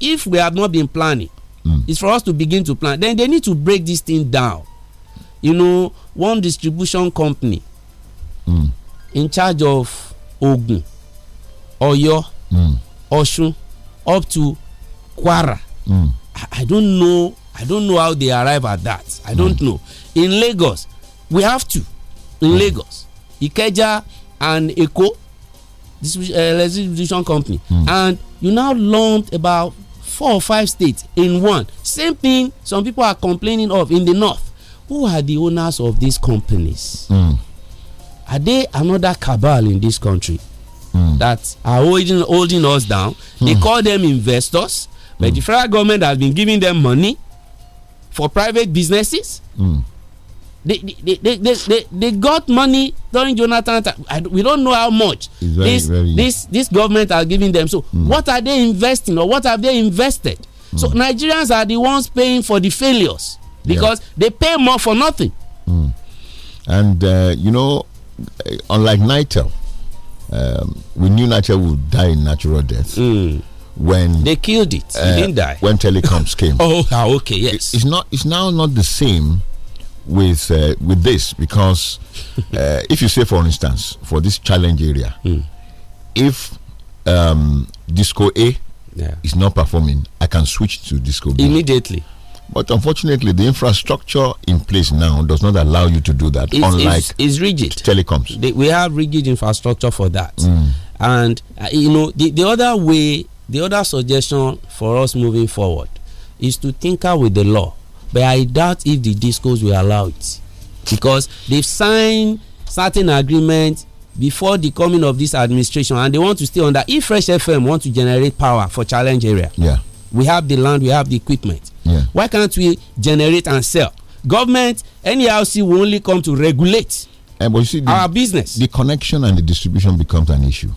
if we have not been planning mm. it's for us to begin to plan then they need to break this thing down you know one distribution company mm. in charge of ogun oyo mm. osun up to kwara mm. I, I, don't know i don't know how they arrive at that i don't hmm. know in lagos we have to in hmm. lagos ikeja and eco distribution, uh, eh, distribution company hmm. and you now learned about four or five states in one same thing some people are complaining of in the north who are the owners of these companies mm. are they another cabal in this country mm. that are holding, holding us down mm. they hmm. call them investors but the hmm. federal government has been giving them money for private businesses hmm. They, they, they, they, they, got money during Jonathan. I, we don't know how much very, this, very this, this government are giving them. So, mm. what are they investing or what have they invested? Mm. So, hmm. Nigerians are the ones paying for the failures because yeah. they pay more for nothing. Mm. And, uh, you know, uh, unlike Nitel, um, we knew Nitel would die in natural death hmm. when they killed it. Uh, he didn't die when telecoms came. oh, ah, okay, yes. It, it's not. It's now not the same with uh, with this because uh, if you say, for instance, for this challenge area, mm. if um, disco A yeah. is not performing, I can switch to disco B immediately. But unfortunately, the infrastructure in place now does not allow you to do that. It's, unlike it's, it's rigid telecoms, the, we have rigid infrastructure for that. Mm. And uh, you know, the, the other way, the other suggestion for us moving forward is to tinker with the law but I doubt if the discos will allow it because they've signed certain agreements before the coming of this administration and they want to stay under if fresh fm want to generate power for challenge area yeah we have the land we have the equipment yeah. why can't we generate and sell government NERC will only come to regulate and eh, but you see the, our business the connection and the distribution becomes an issue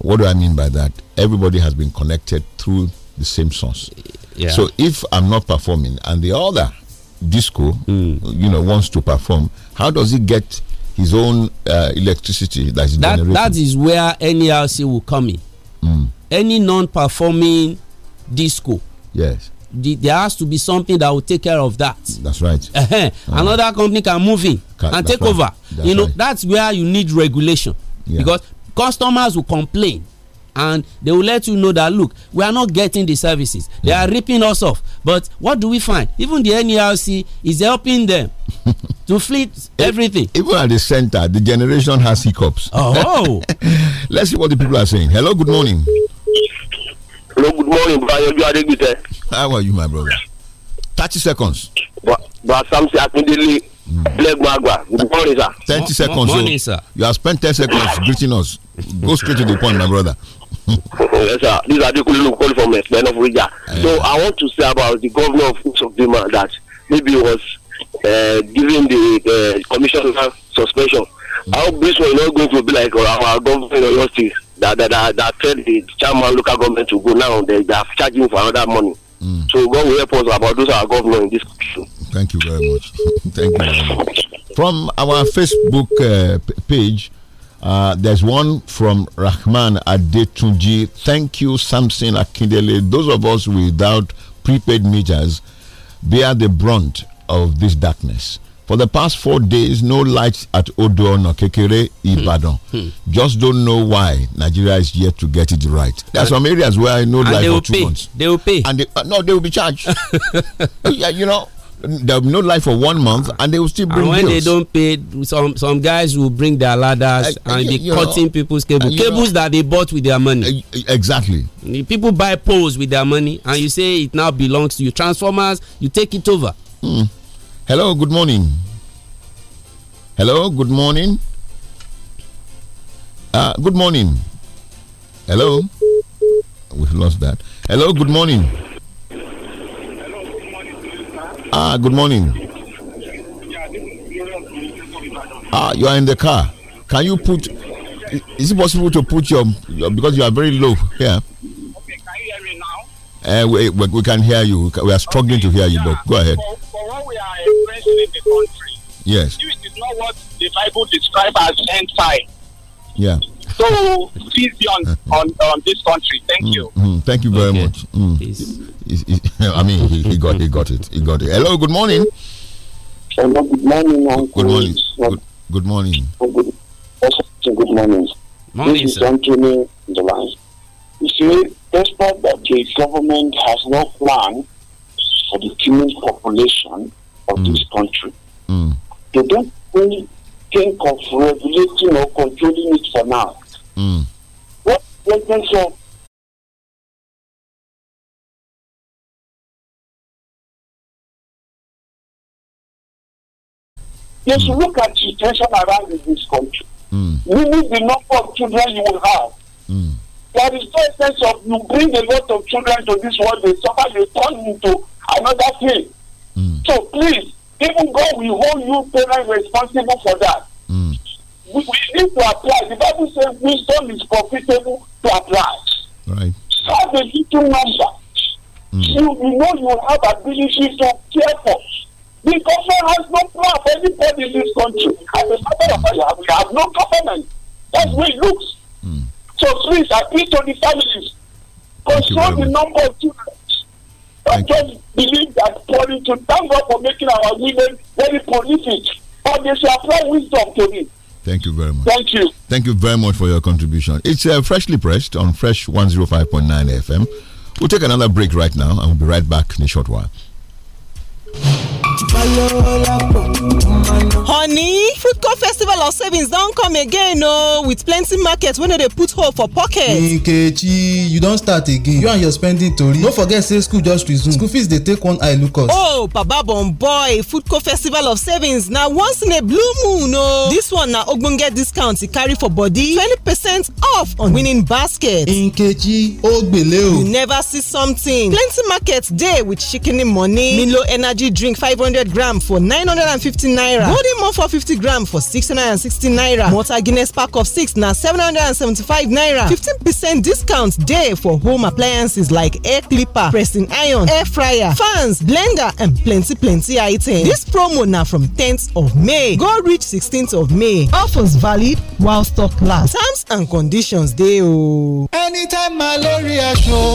what do i mean by that everybody has been connected through the same source yeah. So if I'm not performing and the other disco, mm. you know, wants to perform, how does he get his own uh, electricity that's that, generated? That is where NERC will come in. Mm. Any non-performing disco. Yes. The, there has to be something that will take care of that. That's right. Uh -huh. Another company can move in can, and take right. over. That's you know, right. that's where you need regulation yeah. because customers will complain and they will let you know that look we are not getting the services they are ripping us off but what do we find even the nerc is helping them to fleet everything. Even at the center, the generation has hiccups. Oh. oh. Let's see what the people are saying. Hello, good morning. Hello, good morning. How are you, my brother? 30 seconds. Mm. Good morning, sir. 30 seconds. Morning, sir. You have spent 10 seconds greeting us. Go straight to the point, my brother yes, sir. These are the Kululu from men of Riga. So I want to say about the governor of Usokdima that maybe was uh, giving the uh, commissioner suspension. I hope this one is not going to be like our government in Oyo that that that, that tell the chairman local government to go now. They, they are charging for another money. Mm. So God will help us about those our government in this Thank you very much. Thank you very much. From our Facebook uh, page, uh, there's one from Rahman Adetunji. Thank you, Samson Akindele. Those of us without prepaid meters bear the brunt of this darkness. For the past four days, no lights at Odo Nokekere, Ibadan. Hmm. Hmm. Just don't know why Nigeria is yet to get it right. There are uh, some areas where I know lights for two pay. months. They will pay. And they, uh, no, they will be charged. yeah, you know, There'll be no light for one month, and they will still bring. And when bills. they don't pay, some some guys will bring their ladders eh, eh, and be cutting know, people's cable, eh, cables know, that they bought with their money. Exactly. People buy poles with their money, and you say it now belongs to you. Transformers, you take it over. Hmm. Hello. Good morning. Hello. Good morning. Uh, good morning. Hello. We've lost that. Hello. Good morning. Ah, good morning. Ah, you are in the car. Can you put? Is it possible to put your, your because you are very low? Yeah. Okay, can you hear me now? Uh, we, we, we can hear you. We are struggling okay, to hear you, yeah. but go ahead. For, for what we are experiencing in the country. Yes. It is not what the Bible describes as end time. Yeah so vision on on um, this country. Thank mm, you. Mm, thank you very okay. much. Mm. He, he, I mean, he, he, got he got it. He got it. Hello. Good morning. Hello. Good morning. Uncle. Good morning. Good, good morning. Good, good morning. Morning, this is Anthony Delay. You see, despite that the government has no plan for the human population of mm. this country, mm. they don't really think of regulating or controlling it for now. What government sọ. Yes, mm. look at the situation around in this country. Mm. need the number of children you will have. Mm. There is no sense of you bring a lot of children to this world, they suffer, they turn into another thing. Mm. So please, even God will hold you parents responsible for that. Mm we, we need to apply. The Bible says wisdom is profitable to apply. Right. Have a little number. Mm. You, you know you have ability to care for. The government has no plan for anybody in this country. As a matter of fact, we have no government. That's mm. way it looks. Mm. So please appeal to the families. Control the number of children. I just believe that pouring to thank God for making our women very prolific. But they should apply wisdom to it. Thank you very much. Thank you. Thank you very much for your contribution. It's uh, freshly pressed on Fresh 105.9 FM. We'll take another break right now and we'll be right back in a short while. honey food co festival of savings don come again o oh, with plenty market wey no dey put hole for pocket. nkechi you don start again you and your spending tori no forget say school just resume school fees dey take one eye look us. oh baba bon boy co festival of savings na once in a blue moon o oh. this one na ogbonge discount e carry for body twenty percent off on winning basket. nkechi o gbele o. you never see something plenty market dey with shikini money milo energy drink five hundred gram for nine hundred and fifty naira naira golden malt for fifty gram for six hundred and sixty naira malta guinness pack of six na seven hundred and seventy-five naira fifteen percent discount dey for home appliances like air clipper pressing iron air fryer fans blender and plenty plenty items this promo na from tenth of may go reach sixteenth of may offers valid while stock lasts terms and conditions dey o. anytime malaria show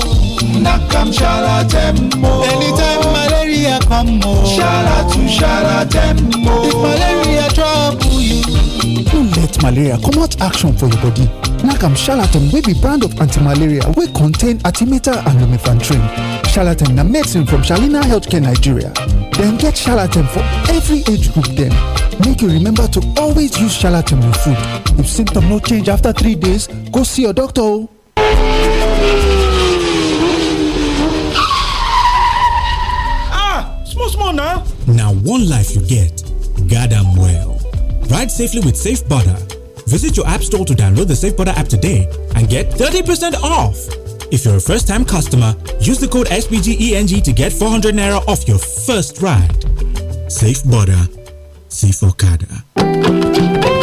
knack am shalatem mo anytime malaria come mo shalatu shalatem mo. if malaria trouble you no let malaria comot action for your body nakam charlatan wey be brand of anti-malaria wey contain atimeta and lumefantrine charlatan na medicine from shalina healthcare nigeria dem get charlatan for every age group dem make you remember to always use charlatan with food if symptoms no change after three days go see your doctor ah small small now. Now one life you get goddamn well. Ride safely with Safe Butter. Visit your app store to download the Safe Butter app today and get 30% off. If you're a first time customer, use the code SBGENG to get 400 Naira off your first ride. Safe Butter, Safe Okada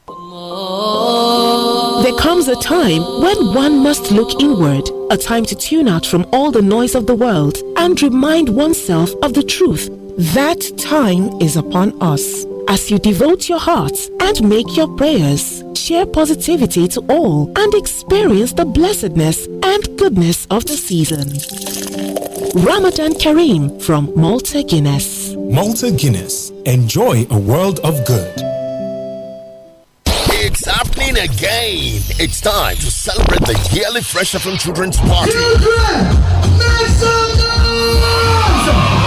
there comes a time when one must look inward, a time to tune out from all the noise of the world and remind oneself of the truth. That time is upon us. As you devote your hearts and make your prayers, share positivity to all and experience the blessedness and goodness of the season. Ramadan Kareem from Malta Guinness. Malta Guinness. Enjoy a world of good happening again. It's time to celebrate the yearly Fresh from Children's Party. Children, make some noise!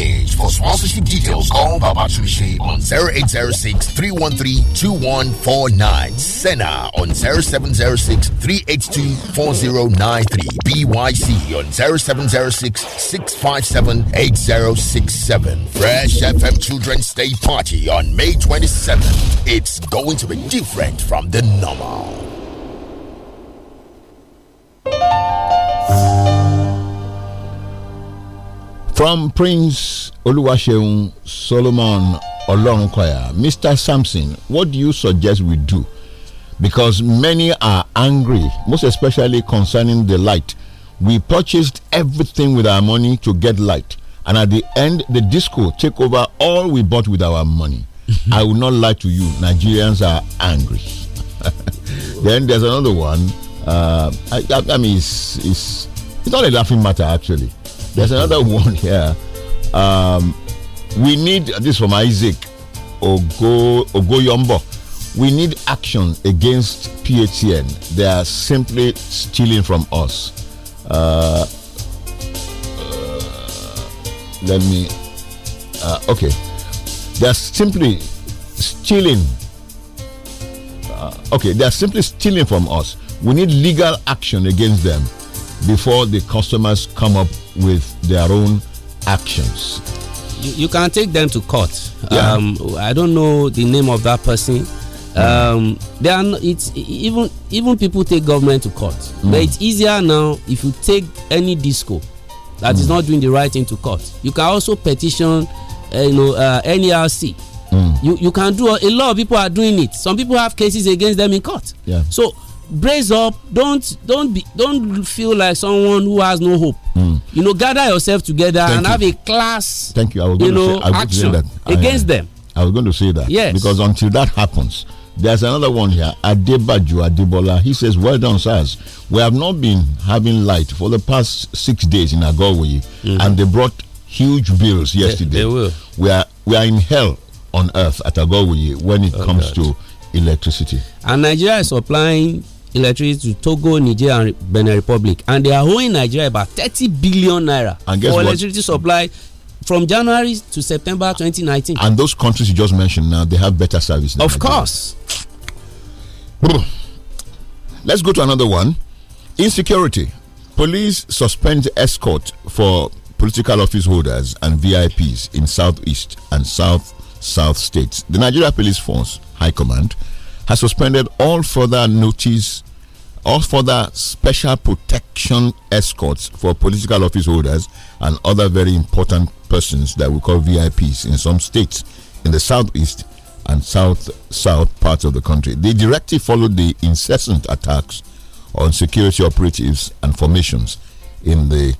page. For sponsorship details, call Baba Chumishe on 0806 313 Senna on 0706 382 4093. BYC on 0706 657 8067. Fresh FM Children's Day Party on May 27th. It's going to be different from the normal. From Prince Oluwaseun Solomon Olorunkoya, Mr. Sampson, what do you suggest we do? Because many are angry, most especially concerning the light. We purchased everything with our money to get light, and at the end, the disco take over all we bought with our money. I will not lie to you, Nigerians are angry. then there's another one. Uh, I, I, I mean, it's, it's, it's not a laughing matter actually there's another one here. Um, we need this from Isaac Ogo Ogoyombo. We need action against PHN. They are simply stealing from us. Uh, uh, let me. Uh, okay, they are simply stealing. Uh, okay, they are simply stealing from us. We need legal action against them before the customers come up with their own actions. You, you can take them to court. Yeah. Um, I don't know the name of that person. Hmm. Um, they are it's even even people take government to court, mm. but it's easier now if you take any disco that mm. is hmm. not doing the right thing to court. You can also petition, uh, you know, uh, NERC. Mm. You you can do a lot of people are doing it. Some people have cases against them in court. Yeah. So brace up don't don't be don't feel like someone who has no hope mm. you know gather yourself together thank and you. have a class thank you i was going you know, to say, I action that. against I, them i was going to say that yes because until that happens there's another one here adebaju adebola he says well done sirs we have not been having light for the past six days in agowe mm -hmm. and they brought huge bills yesterday yes, we are we are in hell on earth at agowe when it oh, comes God. to electricity and nigeria is supplying electricity to Togo, Niger, and Benin Republic, and they are owing Nigeria about 30 billion naira for electricity supply from January to September ah. 2019. And those countries you just mentioned now, they have better service. of Nigeria. course. Let's go to another one. Insecurity. Police suspend escort for political office holders and VIPs in southeast and south south states. The Nigeria Police Force High Command has suspended all further notice, all further special protection escorts for political office holders and other very important persons that we call VIPs in some states in the southeast and south south parts of the country. The directive followed the incessant attacks on security operatives and formations in the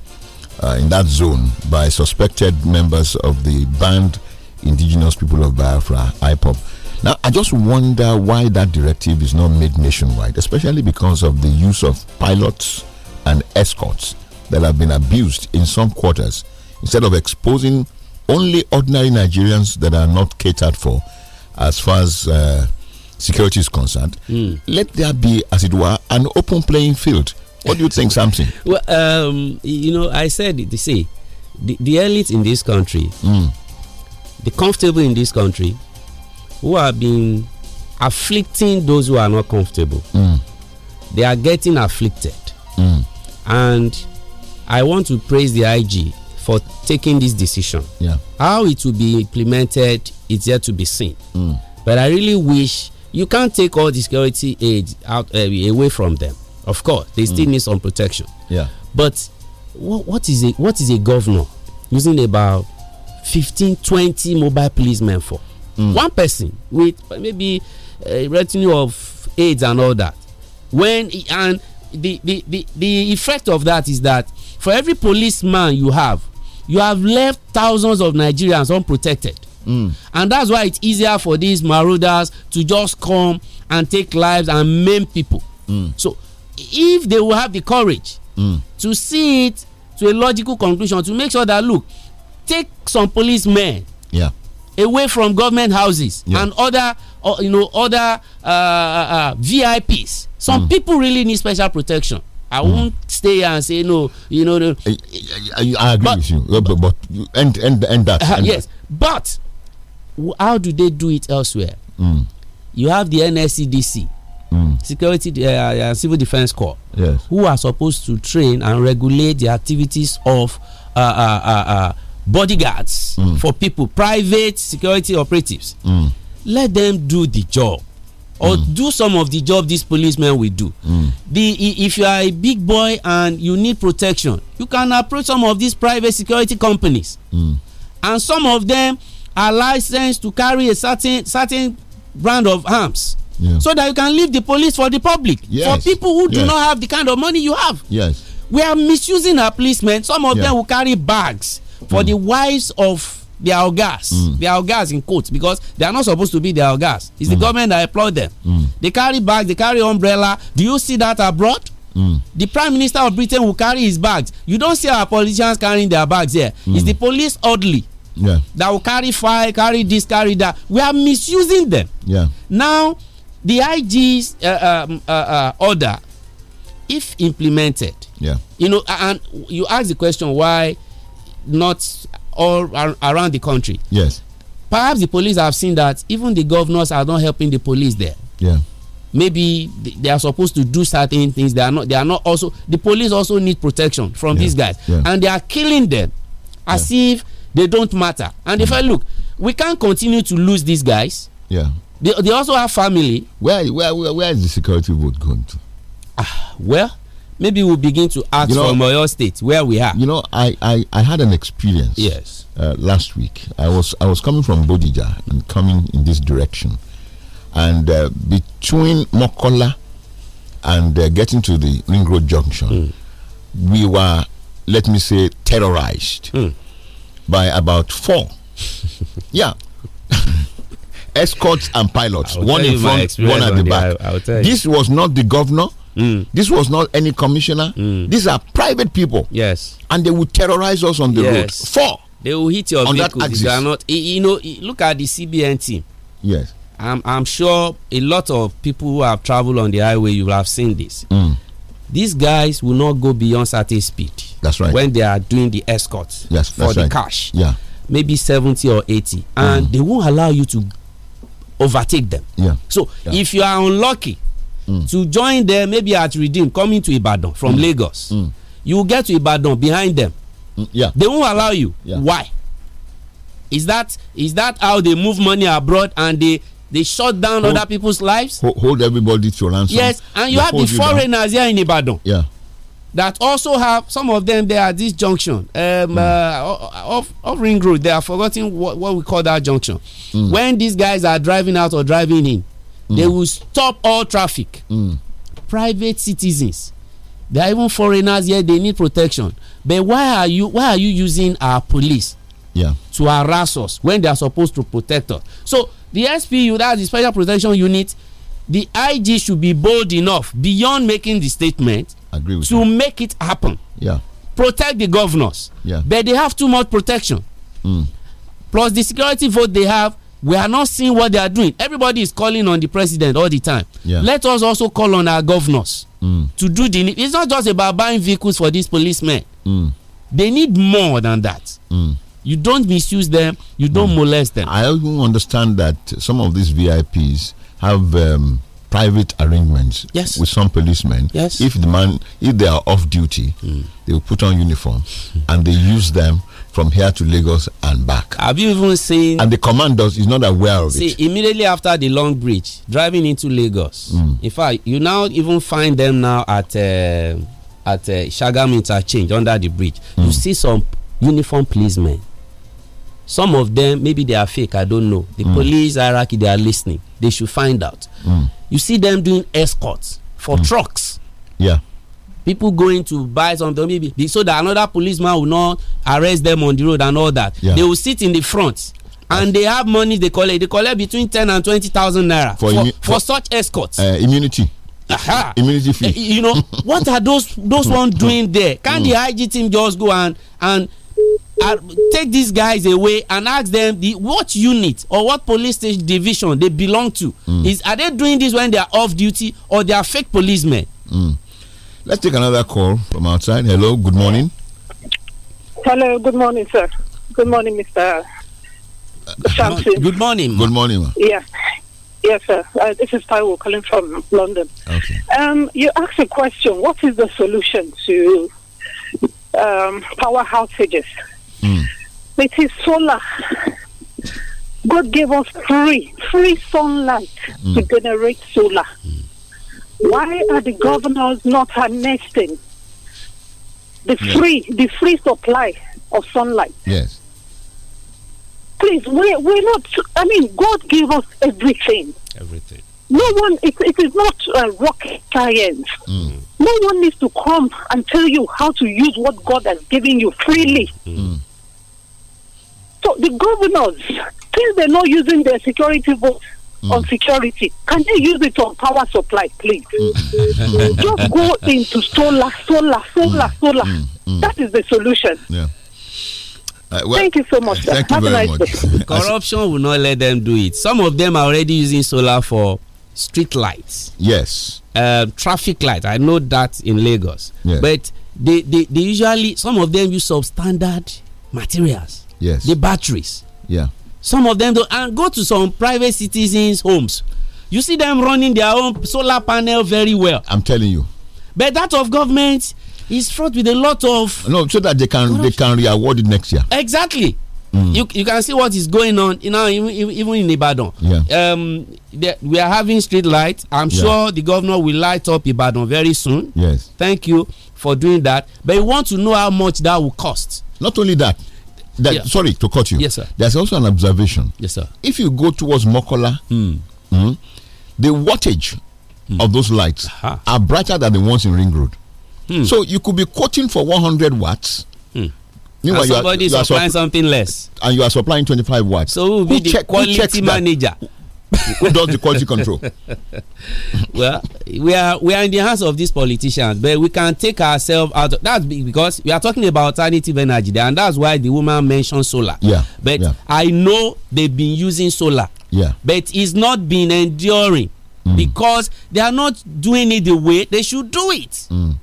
uh, in that zone by suspected members of the banned indigenous people of Biafra, IPOP. Now, I just wonder why that directive is not made nationwide, especially because of the use of pilots and escorts that have been abused in some quarters. Instead of exposing only ordinary Nigerians that are not catered for as far as uh, security is concerned, mm. let there be, as it were, an open playing field. What do you think, Samson? Well, um, you know, I said, you see, the, the elite in this country, mm. the comfortable in this country, who have been afflicting those who are not comfortable. Mm. They are getting afflicted. Mm. And I want to praise the IG for taking this decision. Yeah. How it will be implemented is yet to be seen. Mm. But I really wish you can't take all the security aid out uh, away from them. Of course, they still mm. need some protection. Yeah. But what, what is a what is a governor using about 15, 20 mobile policemen for? Mm. One person with maybe a eh, retinue of aides and all that. When and the, the, the, the effect of that is that for every policeman you have, you have left thousands of Nigerians unprotected. Mm. And that's why it's easier for these marauders to just come and take lives and maim people. Mm. So if they will have the courage mm. to see it to a logical conclusion, to make sure that look, take some policemen. Yeah away from government houses yeah. and other uh, you know other uh, uh, uh VIPs. Some mm. people really need special protection. I mm. won't stay here and say no. You know, no. I, I, I agree but, with you, but, but, end end end that. Uh-huh, end yes, that. but how do they do it elsewhere? Mm. You have the NSCDC, mm. Security uh, uh Civil Defense Corps, yes. who are supposed to train and regulate the activities of bodyguards mm. for people, private security operatives. Mm. Let them do the job or mm. do some of the job these policemen will do. Mm. The if you are a big boy and you need protection, you can approach some of these private security companies, mm. and some of them are licensed to carry a certain certain brand of arms. Yeah. So that you can leave the police for the public, yes. for people who do not have the kind of money you have. Yes, we are misusing our policemen. Some of yeah. them will carry bags for mm. the wives of their ogas mm. their ogas in quotes because they are not supposed to be their ogas it's mm. the hmm. government that employ them hmm. they carry bags they carry umbrella do you see that abroad hmm. the prime minister of britain will carry his bags you don't see our politicians carrying their bags here it's the police oddly yeah. that will carry carry this carry that we are misusing them yeah. now the ig's uh, um, uh, uh, order if implemented yeah. you know and you ask the question why not all ar around the country. Yes. Perhaps the police have seen that even the governors are not helping the police there. Yeah. Maybe they are supposed to do certain things. They are not. They are not also. The police also need protection from yeah. these guys, yeah. and they are killing them, as yeah. if they don't matter. And if mm-hmm. I look, we can't continue to lose these guys. Yeah. They, they also have family. Where, where, where, where is the security vote going to? Ah, well, maybe we'll begin to ask you know, from Oyo State where we are. You know, I I, I had an experience. Yes. Uh, last week, I was I was coming from Bodija and coming in this direction, and uh, between Mokola and uh, getting to the Ring Road Junction, mm. we were let me say terrorized mm. by about four. yeah. Escorts and pilots, one in front, one at the, the back. I, this was not the governor Mm. This was not any commissioner. Mm. These are private people. Yes. And they will terrorize us on the yes. road. Four. They will hit your on vehicles. That They are not. You know, look at the CBN team. Yes. I'm, I'm sure a lot of people who have traveled on the highway, you have seen this. Mm. These guys will not go beyond certain speed. That's right. When they are doing the escorts yes, for the right. cash. Yeah. Maybe 70 or 80. And mm. they won't allow you to overtake them. Yeah. So yeah. if you are unlucky, to join them maybe at redeem coming to ibadan from mm. lagos mm. you get to ibadan behind them mm, yeah. they won't allow you yeah. why is that is that how they move money abroad and they they shut down hold, other people's lives hold, everybody to ransom yes and you have the foreigners here in ibadan yeah that also have some of them they are at this junction um, mm. uh, off, off ring road they are forgetting what, what we call that junction mm. when these guys are driving out or driving in they mm. will stop all traffic. Mm. Private citizens, they are even foreigners here. They need protection. But why are you why are you using our police? Yeah. To harass us when they are supposed to protect us. So the SPU, that's the Special Protection Unit, the IG should be bold enough beyond making the statement Agree with to make it happen. Yeah. Protect the governors. Yeah. But they have too much protection. Mm. Plus the security vote they have we are not seeing what they are doing everybody is calling on the president all the time yeah. let us also call on our governors mm. to do the need it's not just about buying vehicles for these policemen mm. they need more than that mm. you don't misuse them you don't mm. molest them i also understand that some of these vips have um, private arrangements yes. with some policemen yes if the man if they are off duty mm. they will put on uniform mm. and they use them from here to Lagos and back. Have you even seen? And the commanders is not aware of see, it. See, immediately after the long bridge, driving into Lagos. Mm. In fact, you now even find them now at uh, at uh, Shagam interchange under the bridge. Mm. You hmm. see some uniform policemen. Some of them maybe they are fake. I don't know. The mm. police hierarchy they are listening. They should find out. Hmm. You see them doing escorts for hmm. trucks. Yeah people going to buy something maybe so that another policeman will not arrest them on the road and all that yeah. they will sit in the front and they have money they collect they collect between ten and twenty thousand naira for, for, for, such escorts. Uh, immunity. Aha. Immunity fee. Eh, eh, you know what are those those mm. ones doing mm. there? Can mm. the IG team just go and and uh, take these guys away and ask them the, what unit or what police station division they belong to? Mm. Is are they doing this when they are off duty or they are fake policemen? Mm. Let's take another call from outside. Hello, good morning. Hello, good morning, sir. Good morning, Mr. Uh, Samson. Good morning. Good morning. Yes. Yeah. Yes, sir. Uh, this is Taiwo calling from London. Okay. Um, you asked a question. What is the solution to um, power outages? Mm. It is solar. God gave us free, free sunlight mm. to hmm. generate solar. Mm. Why are the governors not harnessing the free the free supply of sunlight? Yes. Please, we we're not. I mean, God gave us everything. Everything. No one. It, it is not a uh, rock science. Mm. mm. No one needs to come and tell you how to use what God has given you freely. Mm. mm. So the governors, since they're not using their security votes Mm. on security. Can they use it on power supply, please? Mm. Just go into solar, solar, solar, mm. solar. Mm. Mm. That is the solution. Yeah. Uh, well, thank you so much. Sir. Thank you very much. Corruption will not let them do it. Some of them are already using solar for street lights. Yes. Uh, traffic light. I know that in Lagos. Yes. But they, they, they usually, some of them use substandard materials. Yes. The batteries. Yeah some of them and go to some private citizens homes you see them running their own solar panel very well i'm telling you but that of government is fraught with a lot of no so that they can they can reward it next year exactly mm. you you can see what is going on you uh, know even, even in ibadan yeah. um we are having street light i'm yeah. sure the governor will light up ibadan very soon yes thank you for doing that but you want to know how much that will cost not only that that, yeah. sorry to cut you. Yes, sir. There's also an observation. Yes, sir. If you go towards Mokola, mm. Mm, the wattage mm. of those lights are brighter than the ones in Ring Road. Hmm. So you could be quoting for 100 watts. Hmm. Meanwhile, you are, you are supplying something less, and you are supplying 25 watts. So who, who, check, quality check manager? who does the quality control? well, we are we are in the hands of these politicians, but we can take ourselves out. Of, that's because we are talking about alternative energy, and that's why the woman mentioned solar. Yeah. But yeah. I know they've been using solar. Yeah. But it's not been enduring mm. because they are not doing it the way they should do it. Mm.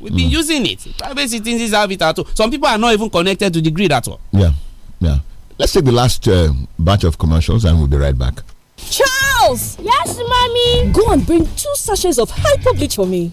We've been mm. using it. Private citizens have it at all. Some people are not even connected to the grid at all. Yeah. Yeah. Let's take the last uh, batch of commercials and we'll be right back. Charles! Yes, mommy? Go and bring two sachets of hyper bleach for me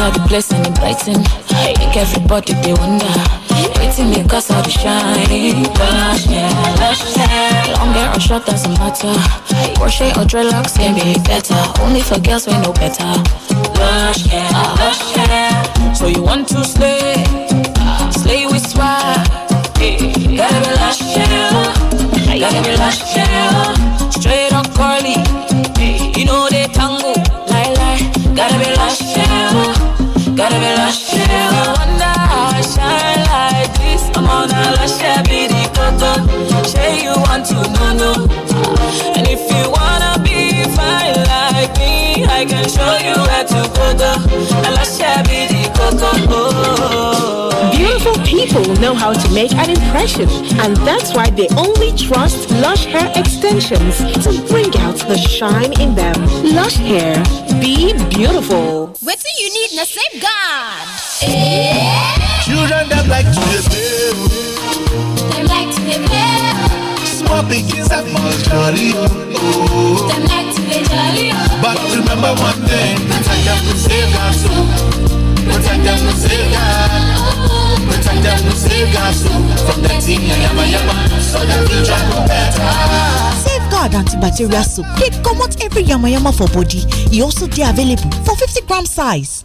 all the blessing and blighting. Make everybody they wonder. Waiting me cause all the shining. Lush, yeah, lush, yeah. Longer or short doesn't matter. Crochet or dreadlocks can be better. Only for girls we know better. Lush, yeah, lush, yeah. So you want to slay? Slay with swag. Gotta be lush, yeah. Gotta be lush, yeah. be the you want to know no and if you wanna be fine like me i can show you where to go go A lashe be the beautiful people know how to make an impression and that's why they only trust lush hair extensions to bring out the shine in them lush hair be beautiful do you need na safeguard. Yeah. children dem like to dey play o. dem like to dey play o. small pikin sef must jolly o. dem like to dey jolly o. but remember one thing protect dem save savers o. protect them, dem from savers. protect dem from savers o. from yama yama, so dem fit chop better. guard antibacterial soap dey comot every yama yama for body It also dey available for 50 gram size.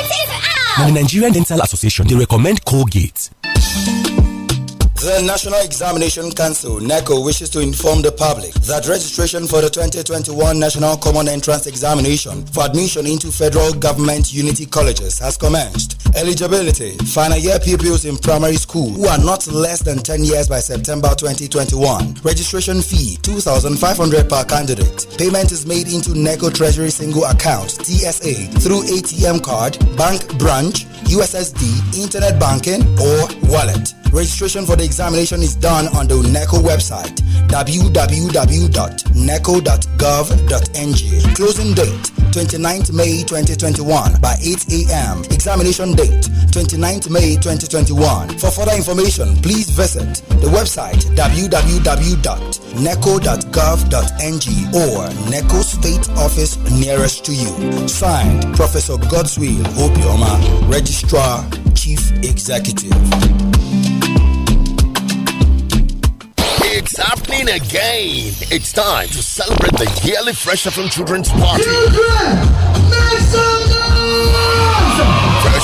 now, the Nigerian Dental Association, they recommend Colgate. The National Examination Council, NECO, wishes to inform the public that registration for the 2021 National Common Entrance Examination for admission into federal government unity colleges has commenced. Eligibility. Final year pupils in primary school who are not less than 10 years by September 2021. Registration fee 2,500 per candidate. Payment is made into NECO Treasury Single Account TSA through ATM card, bank branch, USSD, internet banking or wallet. Registration for the examination is done on the NECO website www.neco.gov.ng. Closing date 29th May 2021 by 8 a.m. Examination date 29th May 2021. For further information, please visit the website www.neco.gov.ng or NECO State Office nearest to you. Signed, Professor Godswill Opioma, Registrar, Chief Executive. happening again. It's time to celebrate the yearly Fresh from Children's Party. Children, make some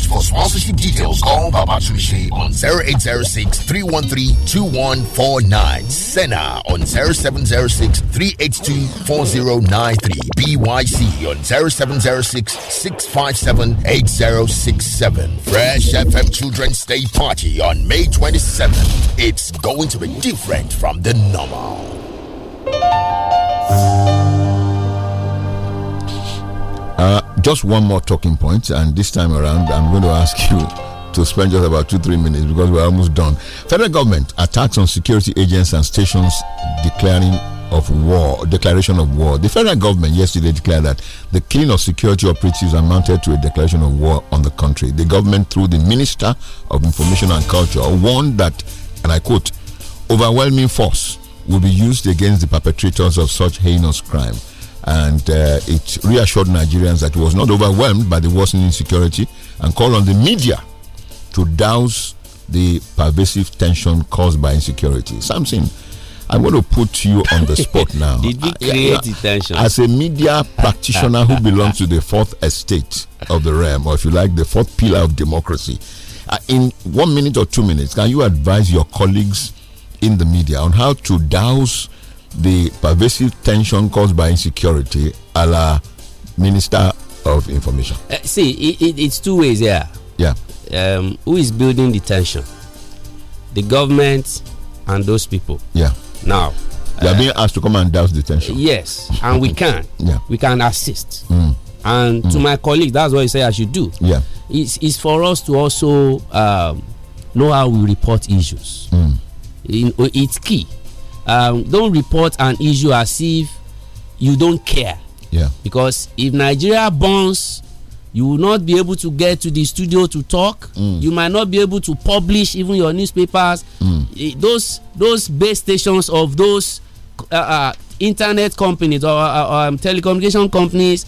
page for sponsorship details. Call Baba Chumishe on 0806 313 Senna on 0706 382 BYC on 0706 657 8067. Fresh FM Children's Day Party on May 27th. It's going to be different from the normal. Uh, just one more talking point, and this time around, I'm going to ask you to spend just about two, three minutes because we're almost done. Federal government attacks on security agents and stations declaring of war, declaration of war. The federal government yesterday declared that the killing of security operatives amounted to a declaration of war on the country. The government, through the Minister of Information and Culture, warned that, and I quote, overwhelming force will be used against the perpetrators of such heinous crime and uh, it reassured Nigerians that it was not overwhelmed by the worsening insecurity and called on the media to douse the pervasive tension caused by insecurity. Something I'm going to put you on the spot now. Did we uh, create tension? As a media practitioner who belongs to the fourth estate of the realm, or if you like, the fourth pillar of democracy, uh, in one minute or two minutes, can you advise your colleagues in the media on how to douse the pervasive tension caused by insecurity a la Minister of Information? Uh, see, it, it, it's two ways here. Yeah. Um, who is building the tension? The government and those people. Yeah. Now, they are uh, being asked to come and douse the tension. Yes, and we can. yeah. We can assist. Mm. And mm. to my colleague, that's what he say I should do. Yeah. It's, it's for us to also um, know how we report issues. Mm. In, it's key um, don't report an issue as if you don't care. Yeah. Because if Nigeria bonds, you will not be able to get to the studio to talk. Mm. You might not be able to publish even your newspapers. Mm. Eh, those those base stations of those uh, uh, internet companies or uh, um, telecommunication companies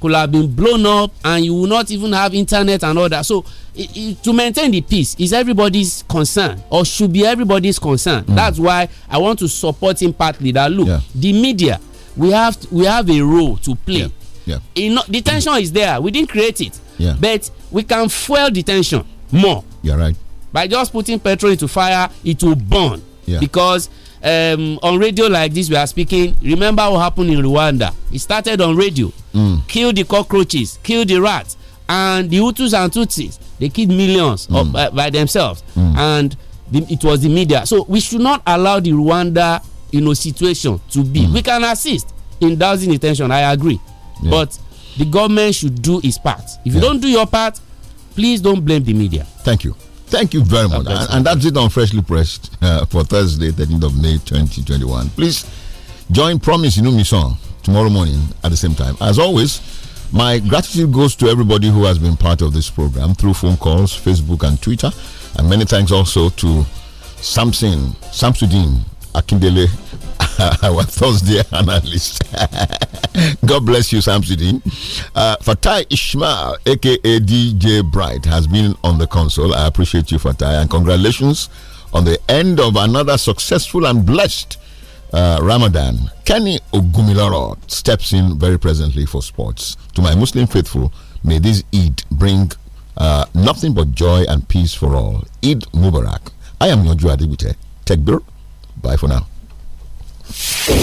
could have been blown up and you will not even have internet and all that so it, it, to maintain the peace is everybody's concern or should be everybody's concern mm. that's why i want to support him partly that look yeah. the media we have we have a role to play yeah. Yeah. In, the tension is there we didn't create it yeah. but we can fuel the tension more you're right by just putting petrol into fire it will burn yeah. because um, on radio like this we are speaking remember what happened in rwanda it started on radio mm. kill the cockroaches kill the rats and the hutus and tutsis they killed millions mm. of, hmm. uh, by themselves mm. and the, it was the media so we should not allow the rwanda you know situation to be hmm. we can assist in dousing attention. i agree yeah. but the government should do its part if yeah. you don't do your part please don't blame the media thank you Thank you very much. And, and, that's it on Freshly Pressed uh, for Thursday, 13th of May, 2021. Please join Promise Inumison tomorrow morning at the same time. As always, my gratitude goes to everybody who has been part of this program through phone calls, Facebook, and Twitter. And many thanks also to Samson, Samsudin, Akindele, our Thursday analyst. God bless you, Samsudin. Uh, Fatai Ishmael, aka DJ Bright, has been on the console. I appreciate you, Fatai, and congratulations on the end of another successful and blessed uh, Ramadan. Kenny Ogumiloro steps in very presently for sports. To my Muslim faithful, may this Eid bring uh, nothing but joy and peace for all. Eid Mubarak. I am Yonju Adibute. Tekbir. Bye for now.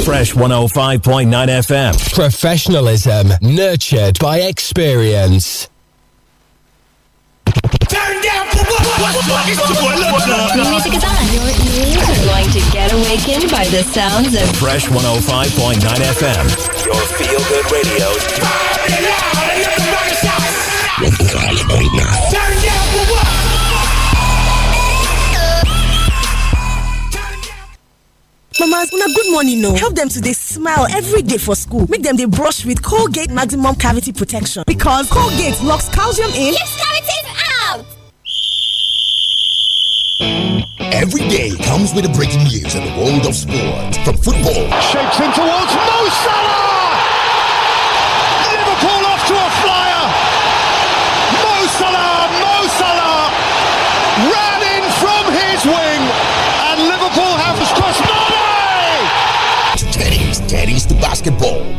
Fresh 105.9 FM. Professionalism nurtured by experience. Turn down for what? What? what? It's your boy, Music is on. Your ears are going to get awakened by the sounds of Fresh 105.9 FM. Your feel good radio. the 105.9. mamas una good morning no. help them to they smile every day for school make them they brush with colgate maximum cavity protection because colgate locks calcium in keeps cavities out every day comes with a breaking news in the world of sports from football shapes in towards Mo Salah basketball.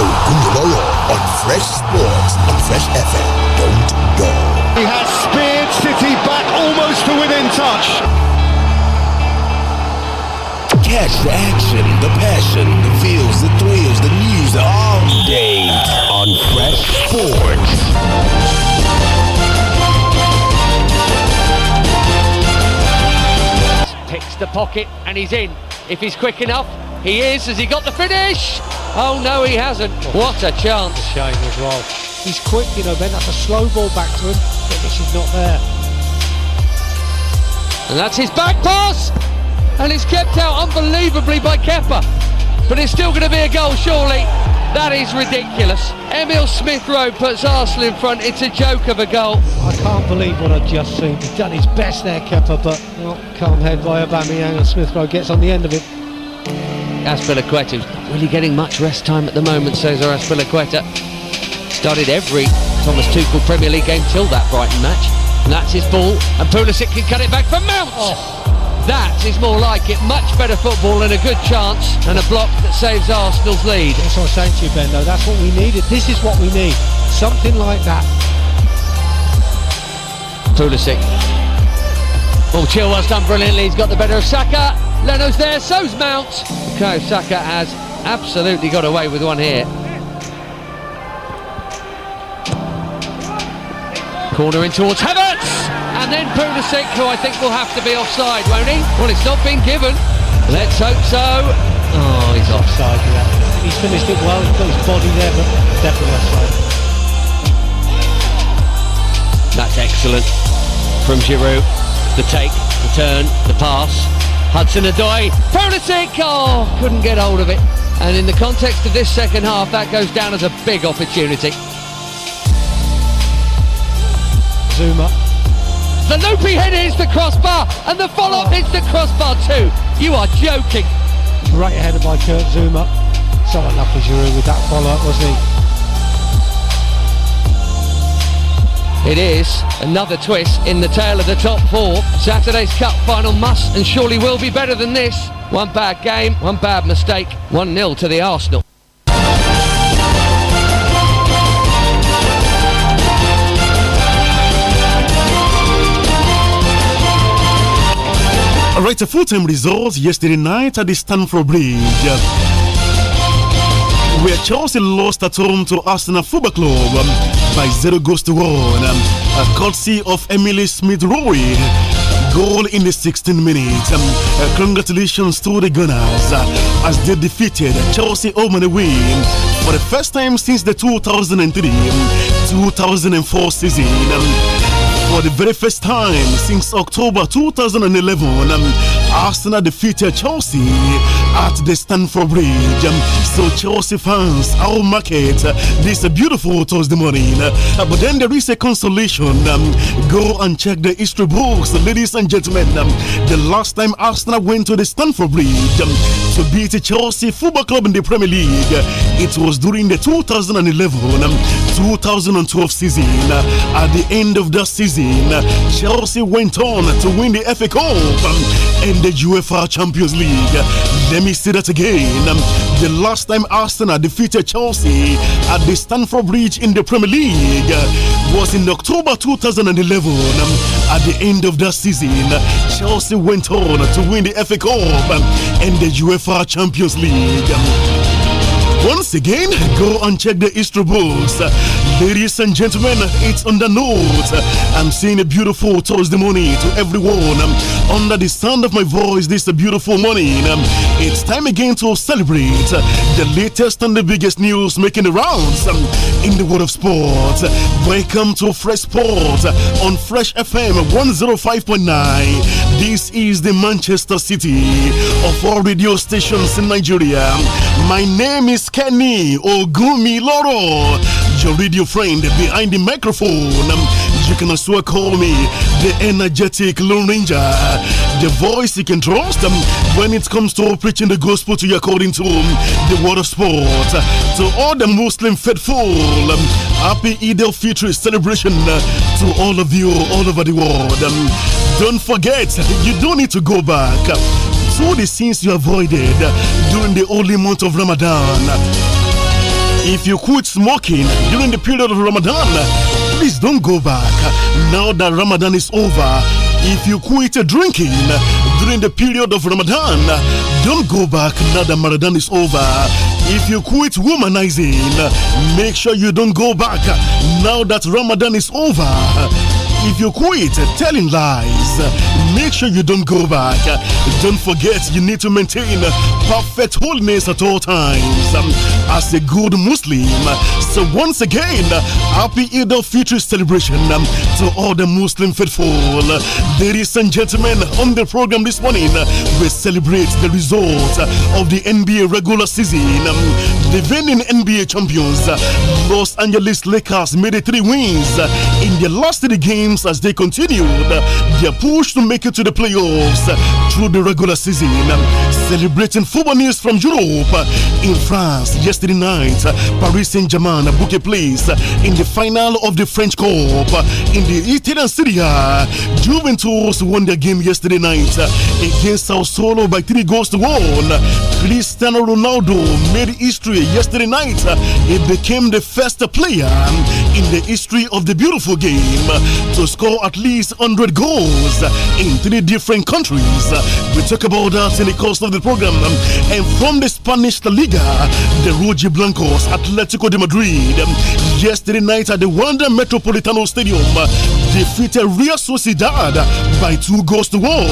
on Fresh Sports on Fresh FM. Don't go. He has speared City back almost to within touch. Catch the action, the passion, the feels, the thrills, the news all day on Fresh Sports. picks the pocket and he's in. If he's quick enough, he is. Has he got the finish? Oh no, he hasn't. What a chance. A shame as well. He's quick, you know, Ben. That's a slow ball back to him, but this is not there. And that's his back pass, and it's kept out unbelievably by Kepa. But it's still going to be a goal, surely. That is ridiculous. Emil Smith Rowe puts Arsenal in front. It's a joke of a goal. I can't believe what I've just seen. He's done his best there, Kepper, but not calm head by Aubameyang and Smith Rowe gets on the end of it. Aspilaqueta. Really getting much rest time at the moment, Cesar Aspilaqueta. Started every Thomas Tuchel Premier League game till that Brighton match. And that's his ball, and Pulisic can cut it back for Mount. Oh. That is more like it. Much better football and a good chance and a block that saves Arsenal's lead. That's what I'm saying to you, Ben, though. That's what we needed. This is what we need. Something like that. Pulisic. Well, Chilwell's done brilliantly. He's got the better of Saka. Leno's there, so's Mount. Kyo has absolutely got away with one here. Corner in towards Havertz, and then Pulisic, who I think will have to be offside, won't he? Well, it's not been given. Let's hope so. Oh, he's offside. Yeah. He's finished it well. He's got his body there, but definitely offside. That's excellent from Giroud. The take, the turn, the pass. Hudson Adoy, Pulisic, oh, couldn't get hold of it. And in the context of this second half, that goes down as a big opportunity. Zuma. The loopy head hits the crossbar, and the follow-up oh. hits the crossbar too. You are joking. Right ahead of by Kurt Zuma. So unlucky Giroud with that follow-up, wasn't he? It is another twist in the tail of the top four. Saturday's Cup final must and surely will be better than this. One bad game, one bad mistake, 1-0 to the Arsenal. Right, a full-time result yesterday night at the Stamford Bridge where Chelsea lost at home to Arsenal Football Club by zero goals to one. Um, a courtesy of Emily Smith Roy. Goal in the 16 minutes. Um, uh, congratulations to the Gunners uh, as they defeated Chelsea home and away for the first time since the 2003-2004 um, season. Um, for the very first time since October 2011. Um, Arsenal defeated Chelsea at the Stanford Bridge. So Chelsea fans, our market this beautiful Thursday morning. Uh, but then there is a consolation. Um, go and check the history books, ladies and gentlemen. Um, the last time Arsenal went to the Stanford Bridge um, to beat Chelsea Football Club in the Premier League, uh, it was during the 2011-2012 season. Uh, at the end of that season, Chelsea went on to win the FA Cup and the UEFA Champions League. Let me say that again. Um, the last time Arsenal defeated Chelsea at the Stamford Bridge in the Premier League was in October 2011. Um, at the end of that season, Chelsea went on to win the FA Cup um, and the UEFA Champions League. Once again, go and check the history books. Ladies and gentlemen, it's on the note. I'm seeing a beautiful Thursday morning to everyone. Under the sound of my voice, this beautiful morning, it's time again to celebrate the latest and the biggest news making the rounds in the world of sport. Welcome to Fresh Sport on Fresh FM 105.9. This is the Manchester City of all radio stations in Nigeria. My name is Kenny loro your radio friend behind the microphone. Um, you can as well call me the energetic Lone Ranger, the voice you can trust um, when it comes to preaching the gospel to you according to um, the word of sport. To all the Muslim faithful, happy Eid al Fitr celebration uh, to all of you all over the world. Don't forget, you don't need to go back all the sins you avoided during the holy month of Ramadan. If you quit smoking during the period of Ramadan, please don't go back. Now that Ramadan is over, if you quit drinking during the period of Ramadan, don't go back now that Ramadan is over. If you quit womanizing, make sure you don't go back now that Ramadan is over. If you quit telling lies, make sure you don't go back. Don't forget you need to maintain perfect wholeness at all times um, as a good Muslim. So once again, happy Eid al-Fitr celebration um, to all the Muslim faithful. Ladies and gentlemen, on the program this morning, we celebrate the result of the NBA regular season. the um, reigning NBA champions, Los Angeles Lakers, made it three wins in the last three games teams as they continued their push to make it to the playoffs through the regular season. Celebrating football news from Europe in France yesterday night, Paris Saint Germain booked a place in the final of the French Cup in the Italian Serie Juventus won their game yesterday night against Sao Solo by three goals to one. Cristiano Ronaldo made history yesterday night. He became the first player in the history of the beautiful game to to score at least 100 goals in three different countries. We talk about that in the course of the program. And from the Spanish La Liga, the Roji Blancos, Atletico de Madrid, yesterday night at the Wanda Metropolitano Stadium, defeated Real Sociedad by two goals to one.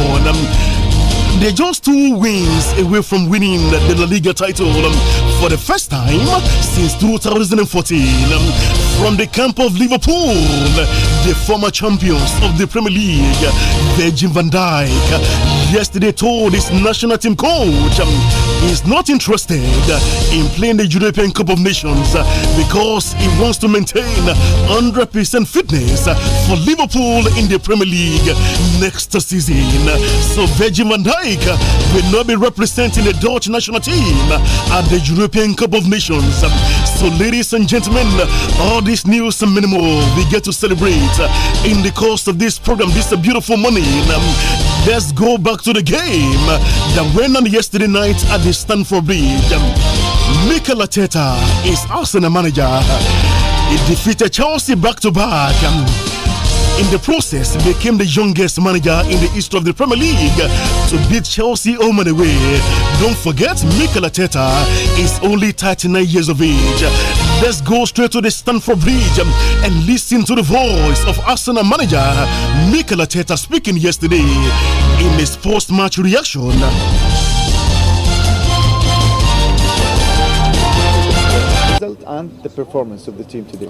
They're just two wins away from winning the La Liga title for the first time since 2014. From the camp of Liverpool, the former champions of the Premier League, Virgin van Dijk yesterday told his national team coach um, he's not interested uh, in playing the European Cup of Nations uh, because he wants to maintain 100% fitness uh, for Liverpool in the Premier League next season. So Virgil van Dijk will not be representing the Dutch national team at the European Cup of Nations. Um, so ladies and gentlemen, all this news and many more we get to celebrate in the course of this program. This is a beautiful morning. Um, let's go back back to the game that went on yesterday night at the Stanford Bridge. Mikel Arteta is Arsenal manager. He defeated Chelsea back to back in the process became the youngest manager in the history of the Premier League to beat Chelsea home and away. Don't forget, Mikel Arteta is only 39 years of age. Let's go straight to the Stanford Bridge and listen to the voice of Arsenal manager Mikel Arteta speaking yesterday in his post-match reaction. and the performance of the team today.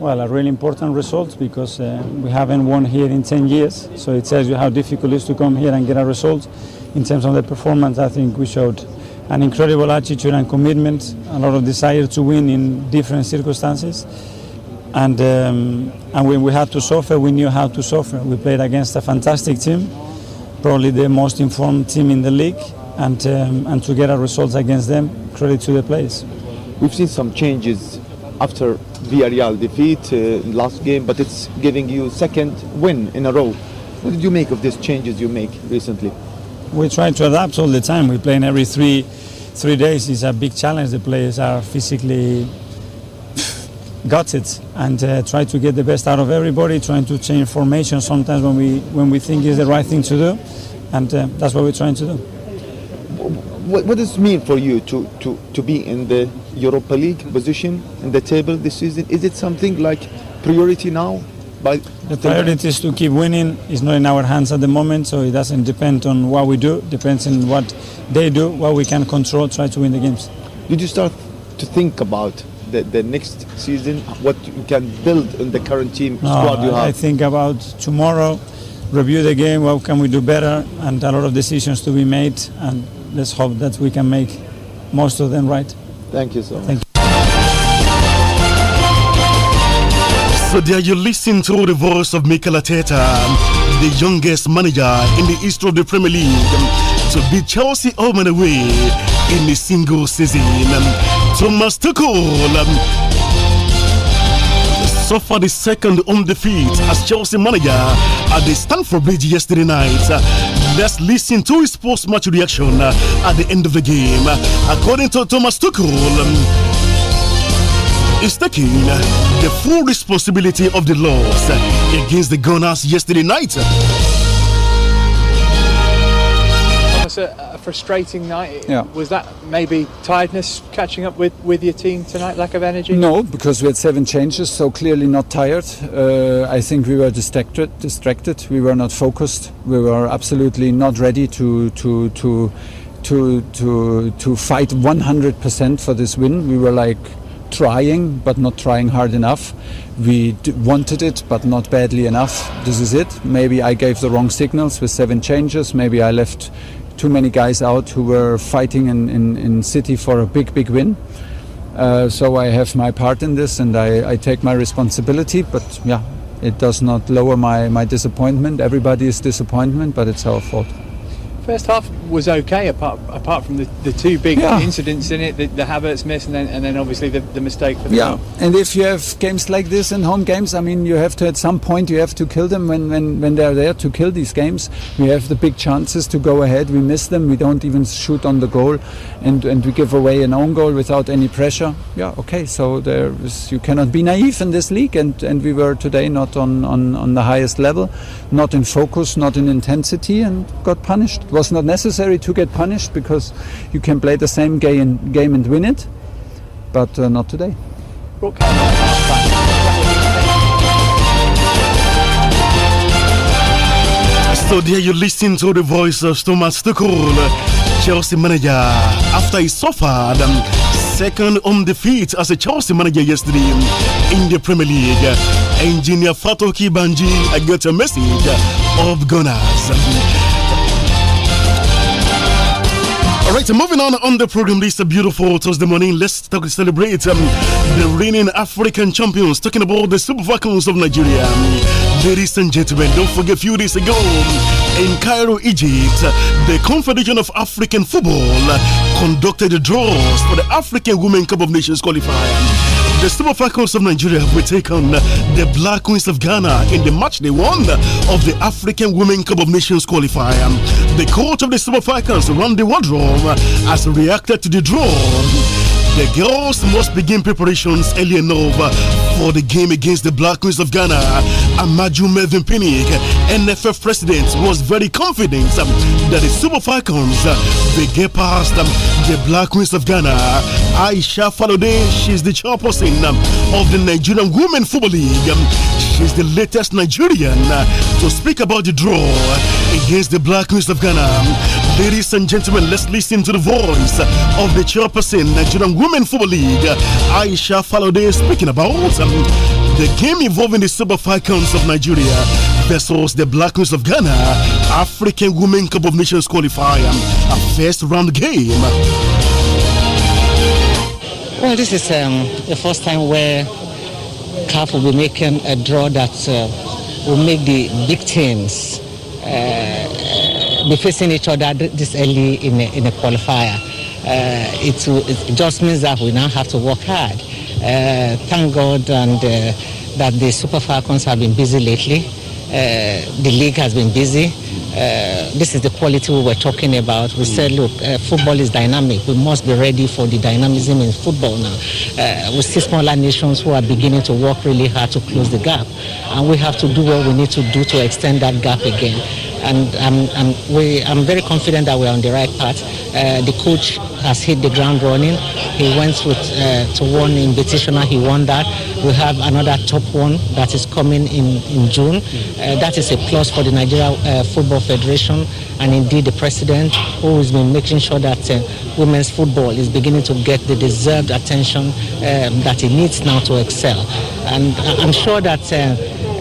Well, a really important result because uh, we haven't won here in 10 years. So it tells you how difficult it is to come here and get a result. In terms of the performance, I think we showed an incredible attitude and commitment, a lot of desire to win in different circumstances. And, um, and when we had to suffer, we knew how to suffer. We played against a fantastic team, probably the most informed team in the league. And, um, and to get our results against them, credit to the players. We've seen some changes after Villarreal defeat uh, last game, but it's giving you second win in a row. What did you make of these changes you make recently? We try to adapt all the time. We play in every three three days. It's a big challenge. The players are physically gutted and uh, try to get the best out of everybody. Trying to change formation sometimes when we when we think is the right thing to do, and uh, that's what we're trying to do what, what does it mean for you to, to, to be in the Europa League position in the table this season? Is it something like priority now? By the priority is to keep winning. It's not in our hands at the moment, so it doesn't depend on what we do. Depends on what they do, what we can control. Try to win the games. Did you start to think about the, the next season? What you can build in the current team no, squad you have? I think about tomorrow. Review the game. What can we do better? And a lot of decisions to be made. And let's hope that we can make most of them right. Thank you so Thank you. So there you listen to the voice of Mikel Arteta, the youngest manager in the history of the Premier League, to beat Chelsea home and away in a single season. Thomas Tuchel um, suffered the second home defeat as Chelsea manager at the Stamford Bridge yesterday night. Let's listen to his post match reaction uh, at the end of the game. According to Thomas Tuchel, is um, taking uh, the full responsibility of the loss against the Gunners yesterday night. a, a frustrating night. Yeah. Was that maybe tiredness catching up with, with your team tonight, lack of energy? No, because we had seven changes, so clearly not tired. Uh, I think we were distracted, distracted. We were not focused. We were absolutely not ready to to to to to, to fight 100% for this win. We were like trying but not trying hard enough. We d- wanted it but not badly enough. This is it. Maybe I gave the wrong signals with seven changes. Maybe I left too many guys out who were fighting in, in, in City for a big, big win. Uh, so I have my part in this and I, I take my responsibility, but yeah, it does not lower my, my disappointment. Everybody is disappointment, but it's our fault. First half was okay, apart apart from the, the two big yeah. incidents in it, the, the, Havertz miss, and then and then obviously the, the mistake for the yeah. And if you have games like this in home games, I mean, you have to at some point you have to kill them when when when they're there to kill these games. We have the big chances to go ahead, we miss them, we don't even shoot on the goal, and and we give away an own goal without any pressure. Yeah, okay. So there is, you cannot be naive in this league, and and we were today not on on on the highest level, not in focus, not in intensity, and got punished was not necessary to get punished because you can play the same game and win it, but uh, not today. So there you listen to the voice of Thomas Tuchel, Chelsea manager, after he suffered um, second home defeat as a Chelsea manager yesterday in the Premier League. Engineer Fatoki Banji, I got a message of Gunners. All right, so moving on on the program list, a beautiful Thursday morning. Let's talk, celebrate um, the reigning African champions, talking about the Super Falcons of Nigeria. Ladies and gentlemen, don't forget a few days ago in Cairo, Egypt, the Confederation of African Football conducted the draws for the African Women Cup of Nations qualifier. The Super Falcons of Nigeria will take on the Black Queens of Ghana in the match they won of the African Women Cup of Nations qualifier. The coach of the Super Falcons, Randy Wardrom, has reacted to the draw. The girls must begin preparations early enough for the game against the Black Queens of Ghana. Amaju Melvin Pinnick NFF president was very confident um, that the Super Falcons uh, they get past um, the Black Queens of Ghana. Aisha Falode, she's the chairperson um, of the Nigerian Women Football League. Um, she's the latest Nigerian uh, to speak about the draw against the Black Queens of Ghana. Um, ladies and gentlemen, let's listen to the voice of the chairperson, Nigerian Women Football League, Aisha Falode, speaking about um, the game involving the Super Falcons of Nigeria versus the Black of Ghana, African Women Cup of Nations qualifier, a first round game. Well, this is um, the first time where CAF will be making a draw that uh, will make the big teams uh, be facing each other this early in a, in qualifier. Uh, it, it, just means that we now have to work hard. Uh, thank God and uh, that the Super Falcons have been busy lately. Uh, the league has been busy. Uh, this is the quality we were talking about. We said, look, uh, football is dynamic. We must be ready for the dynamism in football now. we see smaller nations who are beginning to work really hard to close the gap. And we have to do what we need to do to extend that gap again and I'm, I'm, we, I'm, very confident that we're on the right path. Uh, the coach has hit the ground running. He went with, uh, to one invitational, he won that. We have another top one that is coming in, in June. Uh, that is a plus for the Nigeria uh, Football Federation and indeed the president who has been making sure that uh, women's football is beginning to get the deserved attention um, that it needs now to excel. And I'm sure that uh,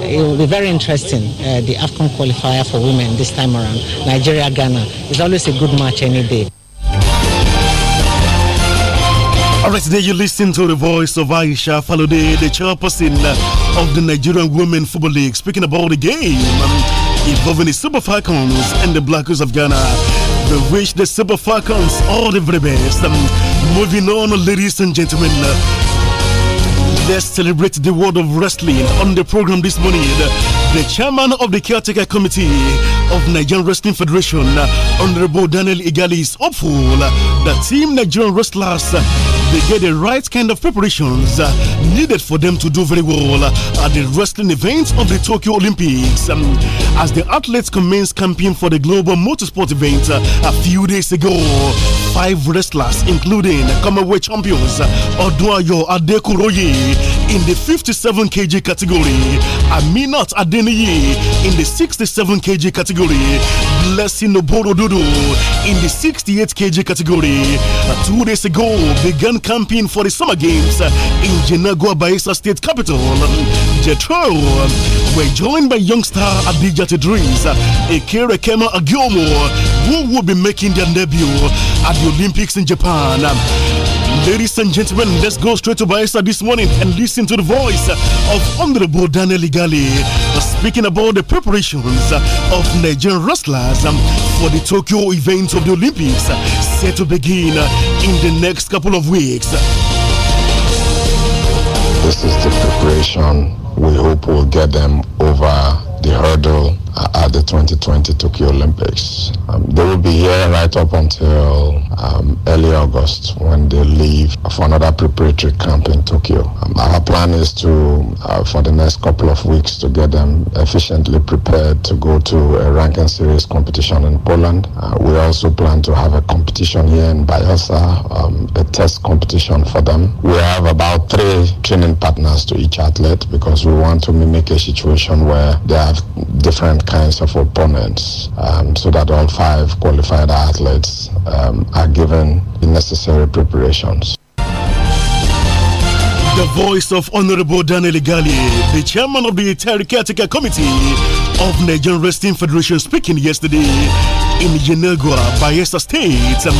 it will be very interesting, uh, the AFCON qualifier for women this time around. Nigeria Ghana. is always a good match any day. All right, today you listen to the voice of Aisha Falode, the chairperson of the Nigerian Women Football League, speaking about the game involving the Super Falcons and the Blackers of Ghana. We wish the Super Falcons all the very best. Um, moving on, ladies and gentlemen, let's celebrate the world of wrestling on the program this morning. The chairman of the caretaker committee of Nigerian Wrestling Federation, Honorable Daniel Igali, is hopeful that Team Nigerian Wrestlers they get the right kind of preparations uh, needed for them to do very well uh, at the wrestling events of the Tokyo Olympics. Um, as the athletes commence campaign for the global motorsport event uh, a few days ago, five wrestlers, including Commonwealth champions uh, Oduayo Adekuroye in the 57 kg category, Aminat Adeniyi in the 67 kg category, Blessing Dodo in the 68 kg category. Two days ago, began camping for the Summer Games in Jenagua Baeza State Capital. Jetro were joined by young star Abijat Ikere Kema Agiomo, who will be making their debut at the Olympics in Japan. Ladies and gentlemen, let's go straight to Baisa this morning and listen to the voice of Honorable Daniel Igali uh, speaking about the preparations uh, of Nigerian wrestlers um, for the Tokyo event of the Olympics uh, set to begin in the next couple of weeks. This is the preparation we hope will get them over the hurdle uh, at the 2020 Tokyo Olympics. Um, they will be here right up until um, early August when they leave for another preparatory camp in Tokyo. Um, our plan is to, uh, for the next couple of weeks, to get them efficiently prepared to go to a ranking series competition in Poland. Uh, we also plan to have a competition here in Bielsa, um, a test competition for them. We have about three training partners to each athlete because we want to mimic a situation where they have different kinds of opponents um, so that all five qualified athletes um, are given the necessary preparations. The voice of Honorable Daniel Gali, the chairman of the Terikatika Committee of Nigerian Wrestling Federation, speaking yesterday in Yenagua, Bayelsa State, um,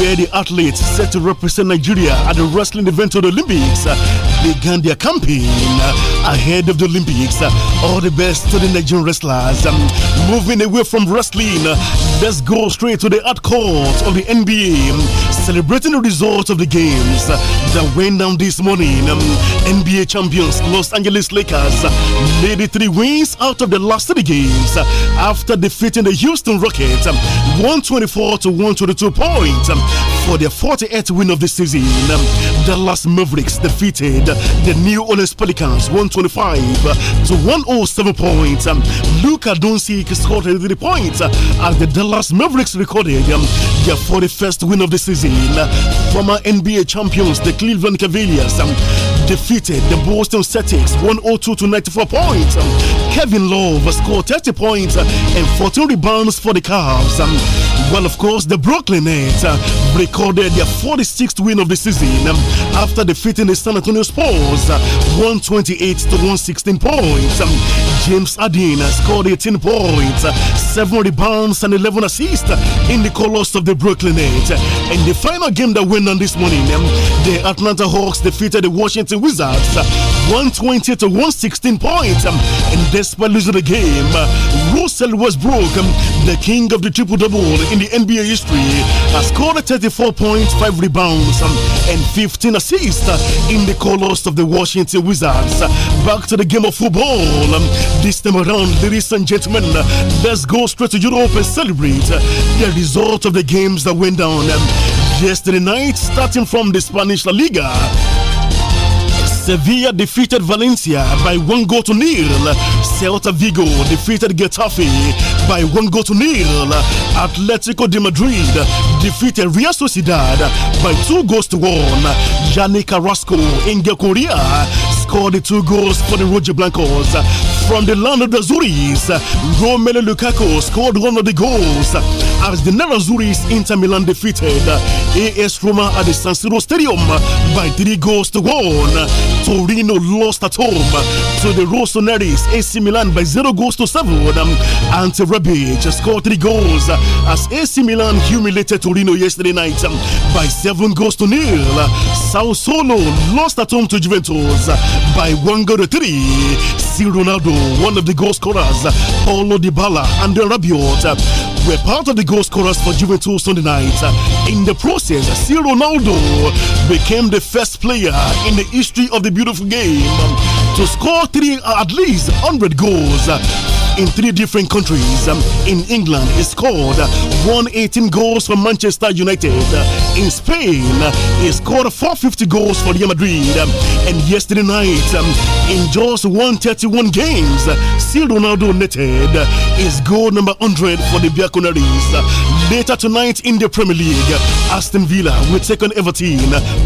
where the athletes set to represent Nigeria at the wrestling event of the Olympics uh, began their campaign. Uh, ahead of the Olympics. All the best to the Nigerian wrestlers. Um, moving away from wrestling, let's go straight to the hard court of the NBA, um, celebrating the results of the games that went down this morning. Um, NBA champions Los Angeles Lakers made it three wins out of the last three games after defeating the Houston Rockets 124 to 122 points for their 48th win of the season. The last Mavericks defeated the New Orleans Pelicans 1 25 to 107 points. Um, Luca Doncic scored 33 points as the Dallas Mavericks recorded um, their 41st win of the season. Former NBA champions, the Cleveland Cavaliers, um, defeated the Boston Celtics 102 to 94 points. Kevin Love scored 30 points and 14 rebounds for the Cavs. Well, of course, the Brooklyn Nets uh, recorded their 46th win of the season um, after defeating the San Antonio Spurs uh, 128 to 116 points. Um, James Harden uh, scored 18 points, uh, 7 rebounds, and 11 assists uh, in the colors of the Brooklyn Nets. In uh, the final game that went on this morning, um, the Atlanta Hawks defeated the Washington Wizards. 120 to 116 points. and despite losing the game, Russell Westbrook, broken. the king of the triple double in the NBA history, has scored 34 points, 5 rebounds, and 15 assists in the colors of the Washington Wizards. Back to the game of football. This time around, ladies and gentlemen, let's go straight to Europe and celebrate the result of the games that went down yesterday night, starting from the Spanish La Liga. Sevilla defeated Valencia by one goal to nil. Celta Vigo defeated Getafe by one goal to nil. Atletico de Madrid defeated Real Sociedad by two goals to one. Yannick Carrasco in Korea scored the two goals for the Roger Blancos. From the land of the Zuris, Romelu Lukaku scored one of the goals as the Nerazzurri's Inter Milan defeated AS Roma at the San Siro Stadium by three goals to one. Torino lost at home to the Rossoneri's AC Milan by zero goals to seven. Ante Rebic scored three goals as AC Milan humiliated Torino yesterday night by seven goals to nil. Sao Solo lost at home to Juventus by one goal to three. See Ronaldo, one of the goal scorers, Paulo Dybala, and Rabiot were part of the goal scorers for Juventus Sunday night. In the process, C. Ronaldo became the first player in the history of the beautiful game to score three, uh, at least 100 goals in three different countries. Um, in England, he scored uh, 118 goals for Manchester United. Uh, in Spain, he uh, scored 450 goals for Real Madrid. Um, and yesterday night, um, in just 131 games, still Ronaldo netted his goal number 100 for the Bianconeris. Later tonight in the Premier League, Aston Villa will take on Everton.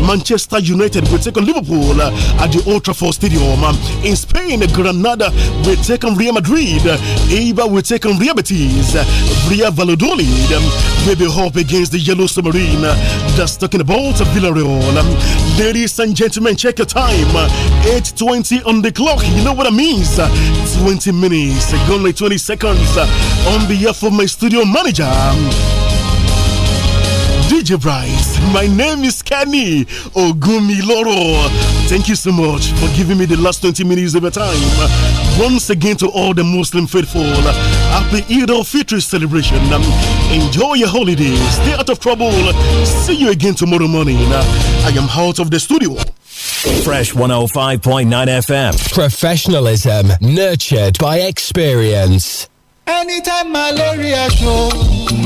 Manchester United will take on Liverpool at the Old Trafford Stadium. In Spain, Granada will take on Real Madrid. Eva will take on Real Betis. Real Valladolid will be up against the Yellow Submarine. That's talking about Villarreal. Ladies and gentlemen, check your time. 8.20 on the clock. You know what I means. 20 minutes, Only 20 seconds. On behalf of my studio manager, DJ Bryce. My name is Kenny Ogumiloro. Thank you so much for giving me the last 20 minutes of your time once again to all the Muslim faithful. Happy Eid al Fitr celebration. Enjoy your holidays. Stay out of trouble. See you again tomorrow morning. I am out of the studio. Fresh 105.9 FM. Professionalism nurtured by experience. Anytime malaria show,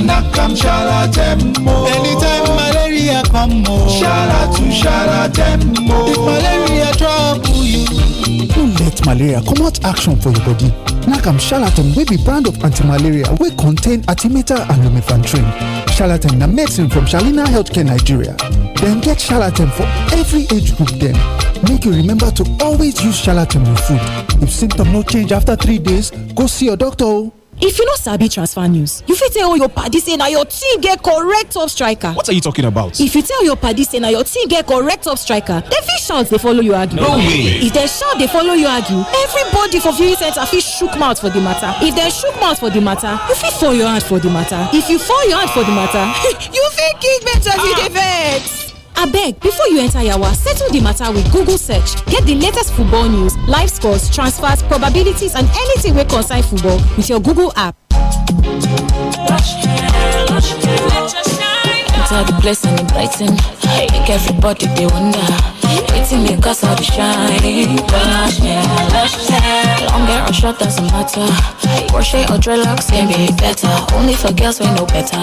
nakam am shalatemmo. Anytime malaria come, shala to shalatemmo. If malaria drop, no let malaria comot action for your body nakam charlatan wey be brand of anti-malaria wey contain artimata and lumefantrine charlatan na medicine from shalina healthcare nigeria dem get charlatan for every age group dem make you remember to always use charlatan with food if symptoms no change after three days go see your doctor if you no sabi transfer news you fit tell your padi say na your team get correct top striker what are you talking about if you tell your padi say na your team get correct top striker dem fit shout dey follow you argue no way if dem shout dey follow you argue everybody for viewing centre fit shook mouth for di matter if dem shook mouth for di matter you fit fall your hand for di matter if you fall your hand for di matter you fit kick me as you dey vex abeg before you enter yawa settle the matter with google search get the latest football news live scores transfers probabilities and anything wey concern football with your google app. the and Make everybody wonder. Hating me cause all be shining. Lush hair, lush hair Long hair or short doesn't matter Crochet or dreadlocks can be better Only for girls we know better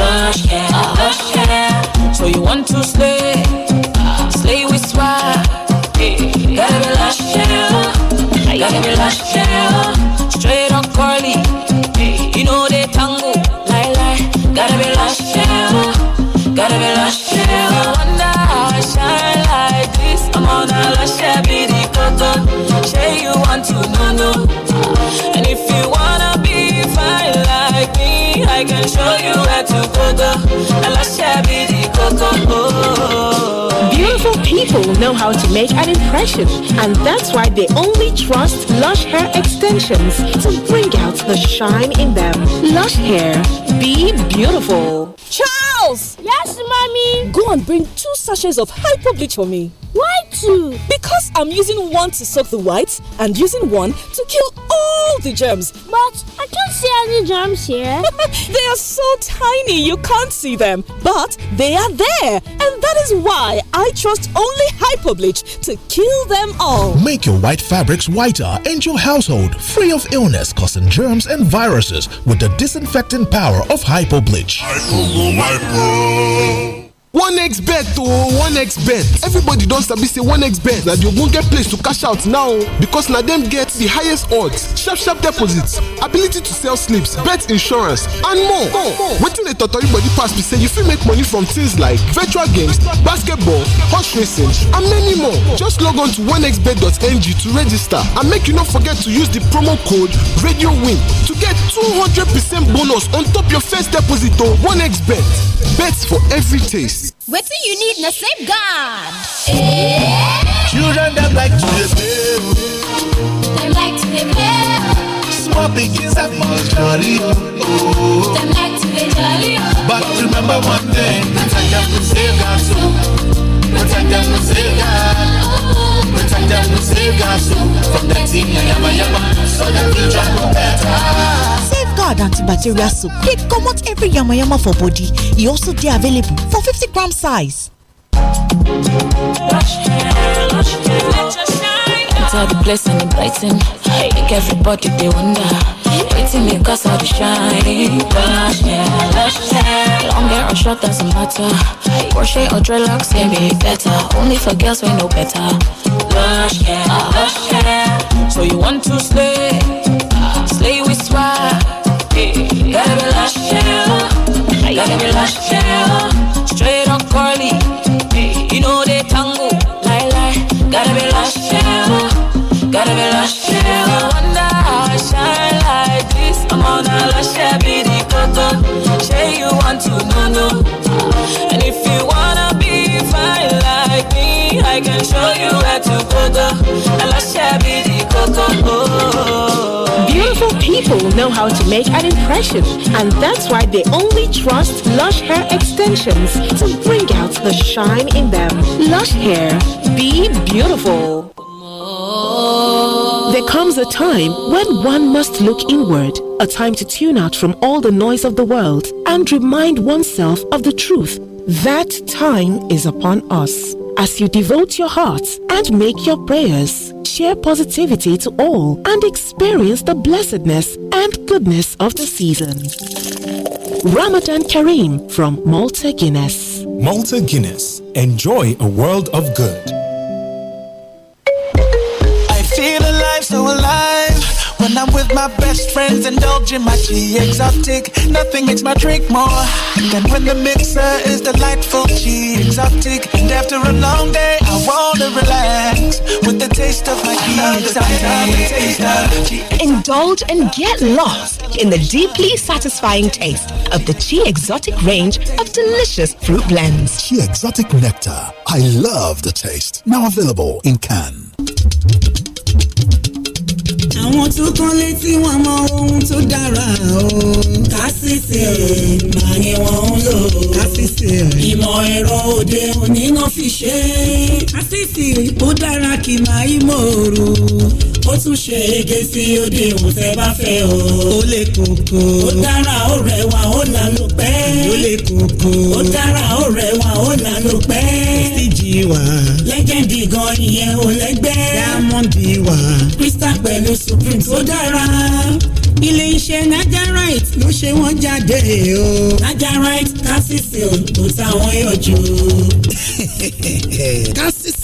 Lush hair, lush hair So you want to slay Slay with swag Gotta be lush hair Gotta be lush hair I can show you where to go go. I lost be the coco. people know how to make an impression, and that's why they only trust Lush Hair Extensions to bring out the shine in them. Lush Hair, be beautiful. Charles! Yes, mommy? Go and bring two sachets of hyper bleach for me. Why two? Because I'm using one to soak the whites and using one to kill all the germs. But I can't see any germs here. they are so tiny you can't see them, but they are there, and that is why I trust only Hypobleach to kill them all. Make your white fabrics whiter and your household free of illness causing germs and viruses with the disinfecting power of Hypobleach. Hypo, hypo. onexbet ooo oh, onexbet everybody don sabi say onexbet na di ogbonge place to cash out now o because na dem get di highest odds sharp sharp deposits ability to sell slips bet insurance and more more wetin dey totori body pass be say you fit make money from things like virtual games basketball horse racing and many more just log on to onexbet.ng to register and make you no forget to use di promo code RadioWin to get two hundred percent bonus on top your first deposit o oh, onexbet bet for every taste. What do you need na safeguard. Children dem like to dey play. They like to dey play. Small pikin are must jolly oh. Dem like to dey jolly oh. But remember one thing, protect dem with safeguard so. Oh. Protect dem with safeguard. Protect dem with safeguard so. Oh. From that thing yamayama, so that future go better powered antibacterial soap dey comot every yamayama for body It also they available for fifty gram size. Lush it's all the place and it brighten. Make everybody they wonder. Waiting me cause all the shine. Lush hair, lush hair. Long hair or short doesn't matter. Crochet or dreadlocks can be better. Only for girls we know better. Lush hair, lush hair. So you want to slay? Slay with swag. Baby, last year, baby, last year, straight on curly. You know they tango, lie lie. Gotta be last gotta be last I am on a last year, be coco. Say you want to know, And if you wanna be fine like me, I can show you where to go. Go, and last year, be the coco. Oh. Powerful people know how to make an impression, and that's why they only trust Lush Hair Extensions to bring out the shine in them. Lush Hair, be beautiful. There comes a time when one must look inward, a time to tune out from all the noise of the world and remind oneself of the truth. That time is upon us as you devote your hearts and make your prayers. Share positivity to all and experience the blessedness and goodness of the season. Ramadan Kareem from Malta Guinness. Malta Guinness. Enjoy a world of good. When I'm with my best friends, indulging my tea exotic. Nothing makes my drink more than when the mixer is delightful, tea exotic. And after a long day, I wanna relax with the taste of my tea exotic. Indulge and get lost in the deeply satisfying taste of the tea exotic range of delicious fruit blends. Tea exotic nectar. I love the taste. Now available in can. àwọn tó kán létí wọn mọ ohun tó dára o. kásìsì máa ni wọ́n ń lò. kásìsì ìmọ̀ ẹ̀rọ òde òní náà fi ṣe é. kásìsì ó dára kì máa í mòrò. ó tún ṣe ege sí òde òun tẹ́ bá fẹ́ o. ó lè kókó. ó dára ó rẹwà ó là ó lè kókó. ó dára ó rẹwà ó là bí wà. lẹ́gẹ̀dì gan ìyẹn ò lẹ́gbẹ́. diamond bí wà. crystal pẹ̀lú supreme tó dára. ilé iṣẹ́ nigerite ló ṣe wọ́n jáde o. nigerite calcicil kò táwọn yọjú.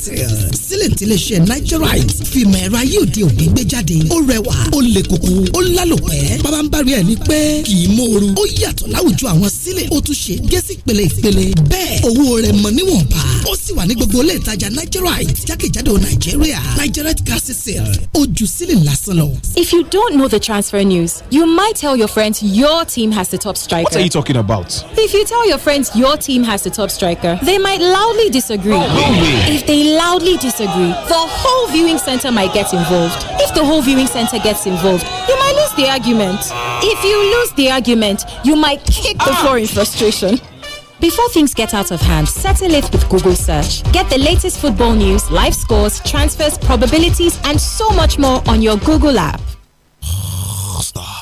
sílẹ̀ tílé nigerite fìmọ̀ ẹ̀rọ ayé òde gbé jáde ó rẹwà ó le koko ó lálòpẹ́ bàbá ń bari ẹ̀ ní pẹ́ kì í mòoru ó yàtọ̀ láwùjọ àwọn sílẹ̀ ó tún ṣe gẹ́sì pèlè ìpèlè bẹ́ẹ̀ owó rẹ̀ mọ̀ níwọ̀nba ó sì wà ní gbogbo ilé ìtajà nigerite jákèjádò nàìjíríà nigerite gas sale ojú sílẹ̀ lásán lọ. If you don't know the transfer news, you might tell your friends your team has the top striker. What are you talking about? If you tell your friends your team has the top striker, they might loudly disagree. Oh, no If they loudly disagree, the whole viewing center might get involved. If the whole viewing center gets involved, you might lose the argument. If you lose the argument, you might kick the floor in frustration. Before things get out of hand, settle it with Google Search. Get the latest football news, live scores, transfers, probabilities, and so much more on your Google app. Stop.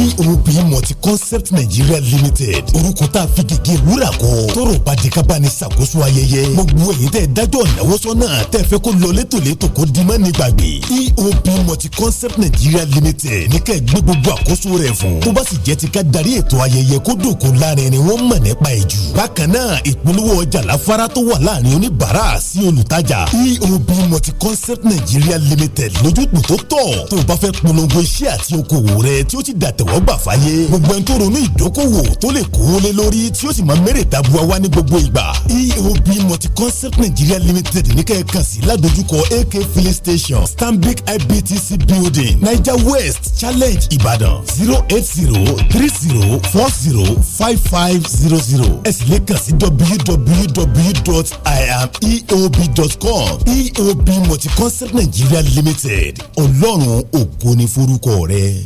rí rúbì multi concept Nigeria limited orúkọ tá a fi gègé wúrà kọ tọrọ bàjẹ́ ká bá ní ṣàkóso ayẹyẹ gbogbo èyí tẹ́ dájọ́ ìnáwó sọ́nà tẹ́ fẹ́ kó lọ létòlétò kó dimá ní gbàgbé eob multi concept Nigeria limited ní ká ẹ gbé gbogbo àkóso rẹ̀ fún tó bá sì jẹ́ ti ká darí ètò ayẹyẹ kó dòkó láàrin ni wọ́n mọ̀ nípa ẹ̀ jù bákan náà ìpolówó ọjà láfárá tó wà láàrin oníbàárà multi concept Nigeria limited lójútùú tó tọ́ tó o bá fẹ́ polongo iṣẹ́ àti okòwò rẹ tẹ́wọ́gbà fáyé gbogbo ẹni tó ronú ìdókòwò tó lè kó lé lórí tí ó sì máa mẹ́rẹ̀ dábúwa wá ní gbogbo ìgbà eob multi-concept nigeria limited níkẹ́ sí ládojúkọ ak filling station stanbic ibtc building naija west challenge ìbàdàn zero eight zero three zero four zero five five zero zero ẹ sì lè kàn sí www.iameob.com eob multi-concept nigeria limited ọlọ́run ògo ni forúkọ rẹ.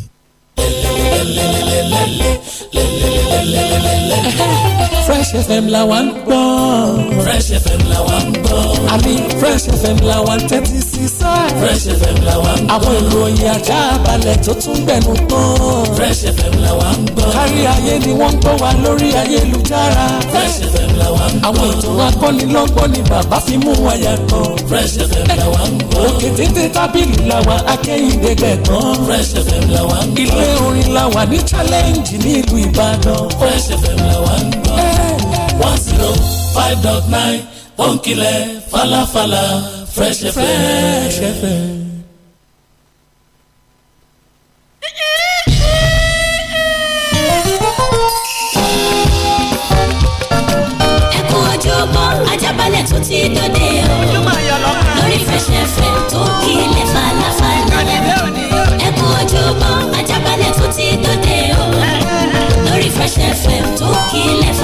fresh fm la one ń gbọ́. fresh fm la one ń I be fresh fm la one ń Fresh FM la wa ń gbọ́. àwọn ìròyìn ajá balẹ̀ tó tún gbẹnu tán. Fresh FM la wa ń gbọ́. kárí ayé ni wọ́n ń gbọ́ wa lórí ayélujára. Fresh FM la wa ń gbọ́. àwọn ìtàn akọ́nilọ́gbọ́n ni bàbá fi mú wa yàtọ̀. Fresh FM la wa ń gbọ́. òkè tètè tábìlì la wa akẹ́yìndé gbẹ̀gbọ́n. Fresh FM la wa ń gbọ́. ilé orin la wa ní challenge ní ìlú Ìbàdàn. Fresh FM la wa ń gbọ́. one zero five dot nine pọ́ńkìlẹ̀ falafala. Fresh le Fresh FM. ẹkún ojúbọ ajábalẹ̀ tó ti dòde o lórí Fresh FM tó kílẹ̀ falafala ẹkún ojúbọ ajábalẹ̀ tó ti dòde o lórí Fresh FM tó kílẹ̀ falafala.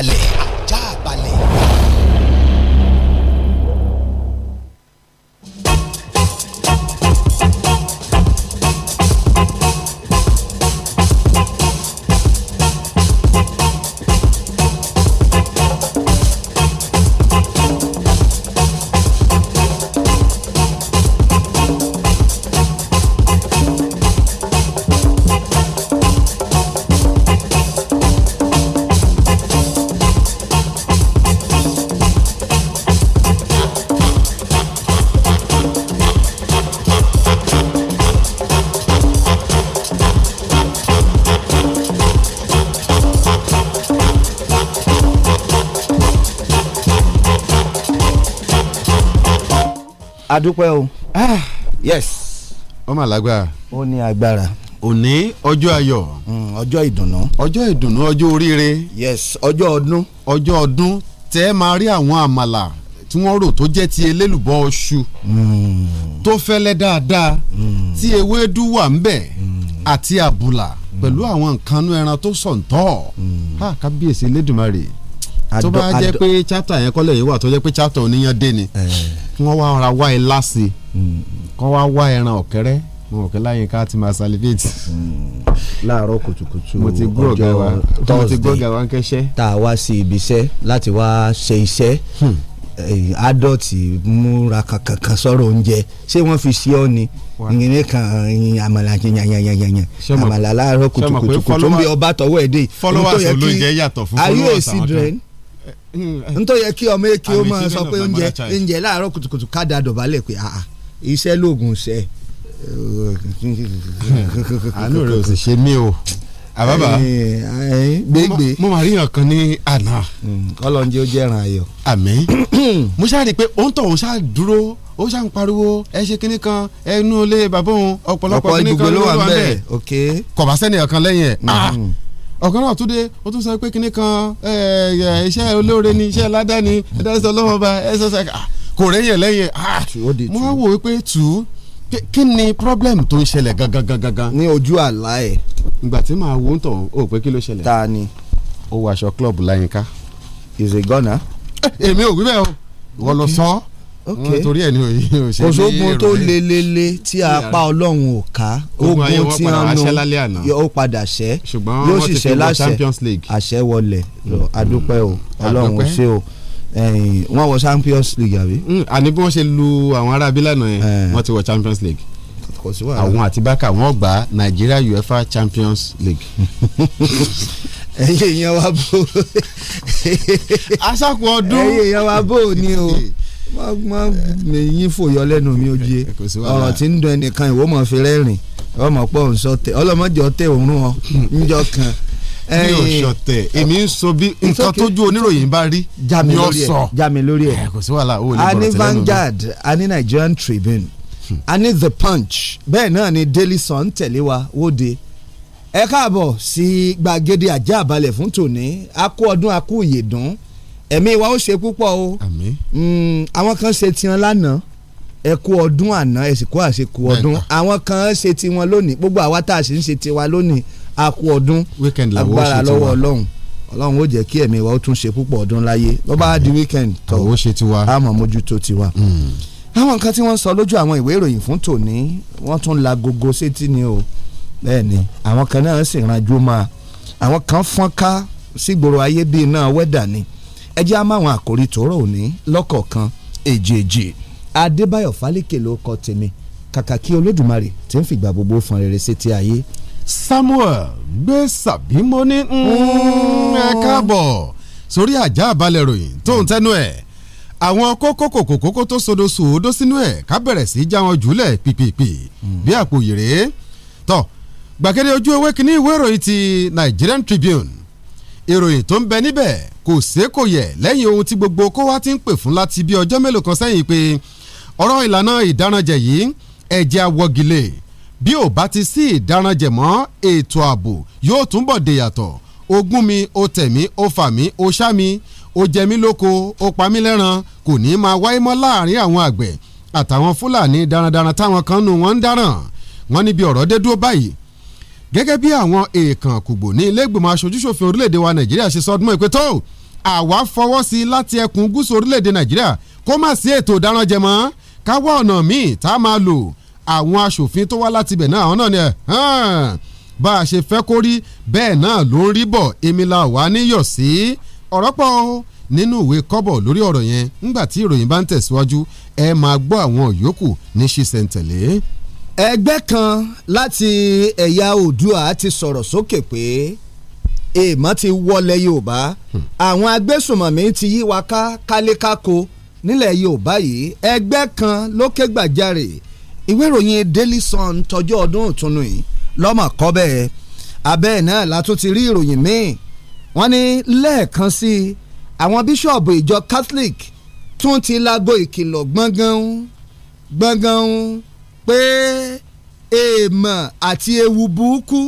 Ale. adúpẹ́ o. ah yes. ọmọ alágbára. ó ní agbára. òní ọjọ́ ayọ̀. Hmm, ọjọ́ ìdùnnú. ọjọ́ ìdùnnú ọjọ́ oríire. yes ọjọ́ ọdún. ọjọ́ ọdún tẹ́ ẹ máa rí àwọn àmàlà tí wọ́n rò tó jẹ́ ti elélùbọ́ oṣù hmm. tó fẹ́lẹ́ dáadáa hmm. tí ewédú wà ń bẹ̀ àti àbùlà pẹ̀lú àwọn nǹkanú ẹran tó sọ̀ǹtọ̀ ha ah, kábíyèsí Elédùmarè tó bá jẹ́ pé chapter yẹn kọ́lẹ̀ yìí wà tó jẹ́ pé chapter oníyan dé ni. Eh kí wọ́n wá ra wá ilá sí i hmm. kí wọ́n wá wá ẹran ọ̀kẹ́rẹ́ mo rò pé láyé ká ti máa salivate. Hmm. láàárọ̀ kùtùkùtù ọjọ́ thursday tá a wá sí ibi iṣẹ́ láti wá ṣe iṣẹ́ hmm. eh, adult múra kankan sọ̀rọ̀ oúnjẹ ṣé wọ́n fi ṣe ọ́ ni ìyẹn kan àmàlà yanyanyanyanyan àmàlà láàárọ̀ kùtùkùtù kùtù ń bí ọba tọwọ́ ẹ̀ dé. followers olóúnjẹ yàtọ̀ fún followers àwọn kan. ayé èsì drain Hmm. nítorí yẹ kí ọmọ èké ó máa sọ pé oúnjẹ oúnjẹ láàárọ̀ kùtùkùtù ká da dọ̀bálẹ̀ pé ah, ah, iṣẹ́ lóògùn iṣẹ́. àánú rẹ ò sì ṣe mí o ah, àbábà gbégbé mo máa ríyàn kan ní àná. Hmm, kọ́lọ́njẹ ó jẹ́ràn ayọ̀. àmín hmm. mo ṣáà rí i pé òun tọ̀ òun ṣáà dúró ó ṣáà ń pariwo ẹ ṣe kinní kan ẹnu ilé bàbá òun ọ̀pọ̀lọpọ̀ kinní kan ló wà ń bẹ̀ kọ̀básẹ́nì ọ̀kan lẹ́yìn ẹ̀ ọ̀kan náà túnde ó tún sọ pé kinní kan iṣẹ́ olóore ni iṣẹ́ ládàáni ẹ̀dá ẹ̀sọ́ lọ́wọ́ bá ẹ̀sọ́ sàkà ah, kò rẹ́yìn lẹ́yìn ah, mo wá wò pé tù ú kí ni problem tó ń ṣẹlẹ̀ gangan gangan. ní ojú àlá ẹ̀. ìgbà tí màá wo ń tọ̀ ó pé kí ló ṣẹlẹ̀. ta ni. ó wọ aṣọ club láyínká. is a gunner. Eh, èmi ò wí bẹ́ẹ̀ o ìwọ ló sọ torí ẹ̀ ni òṣèlú yìí rẹ̀ oṣogun tó lelele tí apá ọlọ́run ò ká ogun tí wọ́n nu ó padà ṣẹ́ yóò sì ṣẹ́ láṣẹ àṣẹ wọlé mm. adúpẹ́ o ọlọ́run ò ṣe o wọ́n wọ champions league àbí. Mm, àní bí wọ́n ṣe lu àwọn ará abílẹ̀ náà yẹn eh. wọ́n ti wọ champions league àwọn àti bákà wọ́n gba Nigeria uefa champions league ẹ̀yin èèyàn wa bò. aṣáko ọdún ẹ̀yin èèyàn wa bò ni o má mi yín fòyọ lẹ́nu mi oje ọ̀rọ̀ tí ń dun ẹnìkan ìwọ mọ̀ fi rẹ́rìn ọmọ pọ̀ ń sọ tẹ ọlọ́mọdé ọtẹ òórùn ọ ńjọ kan. mi ò ṣọ̀tẹ̀ èmi ń sọ bí nǹkan tójú oníròyìn bá rí ni ó sọ jami lórí ẹ eh, kò sí wàhálà owó lè bọ̀rọ̀ tẹ́lẹ̀ lórí. a ní Vanguard a ní Nigerian Tribune a ní The Punch bẹ́ẹ̀ náà ni Daily Sun tẹ̀lé wa wóde ẹ káàbọ̀ sí gbàgede àjẹ́ àbalẹ̀ fún tòní a kú ọdún a kú ìyèdún ẹ̀mí wa ó ṣe púpọ̀ o mm, àwọn kan ṣe tiwọn lánàá ẹ kú ọdún àná ẹ sì kú àṣekù ọdún àwọn kan ṣe tiwọn lónìí gbogbo àwa tá a sì ń ṣe tiwa lónìí a kú ọdún agbára lọ́wọ́ ọlọ́run ọlọ́run ó jẹ́ kí ẹ̀mí wa ó tún ṣe púpọ̀ ọdún láyé ló bá di weekend tó àmọ́ mójútó tiwa. Hmm. àwọn nǹkan tí wọ́n sọ lójú àwọn ìwé ìròyìn fún tòní wọ́n tún la gogo sétí ni o bẹ́ẹ̀ ni àwọn kan náà sì ranjú máa àwọn kan fọ́nká sígboro ayé bíi náà wẹ́dà ni ẹ jẹ́ á máa wọn àkórí tòórọ́ òní lọ́kọ̀ọ̀kan èjèèjì Adébáyọ̀ Fálékè ló kọ tèmi kàkà kí Olódùmarè tí ń fìgbà gbogbo fún rere sétí ayé Samuel gbé sàbímọ ní mm, ẹ káàbọ̀ sórí àjà àbálẹ̀ ròyìn tó ń tẹnu ẹ̀ àwọn kókó kòkòkókó tó sodo sòódó sínú ẹ̀ ká bẹ̀rẹ̀ sí í já wọn jùlẹ̀ pìpìpì hmm. bí àpò yèrè tọ́ gbàgede ojú ewé kínní ìwé ìròyìn ti Nigerian Tribune ìròyìn tó ń bẹ níbẹ̀ kò sé kò yẹ lẹ́yìn ohun tí gbogbo kó wá ti ń pè fún láti bí ọjọ́ mélòó kan sẹ́yìn pé ọ̀rọ̀ ìlànà ìdáranjẹ yìí ẹ̀jẹ̀ awọ́gilé bí ò bá ti sí ìdáranjẹ mọ́ ètò ààbò yóò túnbọ̀ dèyàtọ̀ ogún mi ó tẹ̀mí ó fà mí ó ṣá mi ó jẹ mí lóko ó pa mí lẹ́ran kò ní máa wáyé mọ́ láàrin àwọn àgbẹ̀ àtàwọn fúlàní darandaran táwọn kan nù wọ́n ń dáràn wọ́n níbi ọ̀rọ̀ dé báyìí gẹ́gẹ́ bí àwọn èèkàn kùgbò ní ilégbèmọ̀ aṣojúṣòfin orílẹ̀-èdè wa nàìjíríà ṣe sọ ọdún ìpè tó àwa fọwọ́ sí i láti ẹkùn gúúsù orílẹ̀-èdè nàìjíríà kó má sí ètò ìdáná jẹ káwọ́ ọ̀nà míì tá a máa lò àwọn aṣòfin tó wá láti ibẹ̀ náà àwọn náà ni ẹ̀ bá a ṣe fẹ́ kó rí bẹ́ẹ̀ náà ló ń rí bọ̀ èmi la wà níyọ̀ sí ọ̀rọ̀ pọ̀ nínú ìwé kọ́bọ̀ lórí ọ̀rọ̀ yẹn ńgbà tí ìròyìn bá ń tẹ̀síwájú ẹ máa gbọ́ àwọn yòókù ní ṣísẹ̀ntẹ̀lé ẹgbẹ́ kan láti ẹ̀yà Oòduà ti sọ̀rọ̀ sókè pé èèmọ̀ ti wọlé Yorùbá hmm. àwọn agbésùnmọ̀mí ti yí wa ká kálékáko nílẹ̀ Yorùbá yìí ẹgbẹ́ kan ló ké gbàjarè ìwé ìròyìn Daily Sun tọjọ́ ọdún ìtùnú yìí lọ́mọ̀ kọ́ bẹ́ẹ̀ abẹ́ náà látún ti rí ìròyìn míì wọ́n ní lẹ́ẹ̀kan sí i àwọn bíṣọ̀bù ìjọ Catholic tún ti láago ìkìlọ̀ gbọ̀ngàn gbọ̀ngàn pé èèmọ̀ àti ewu burúkú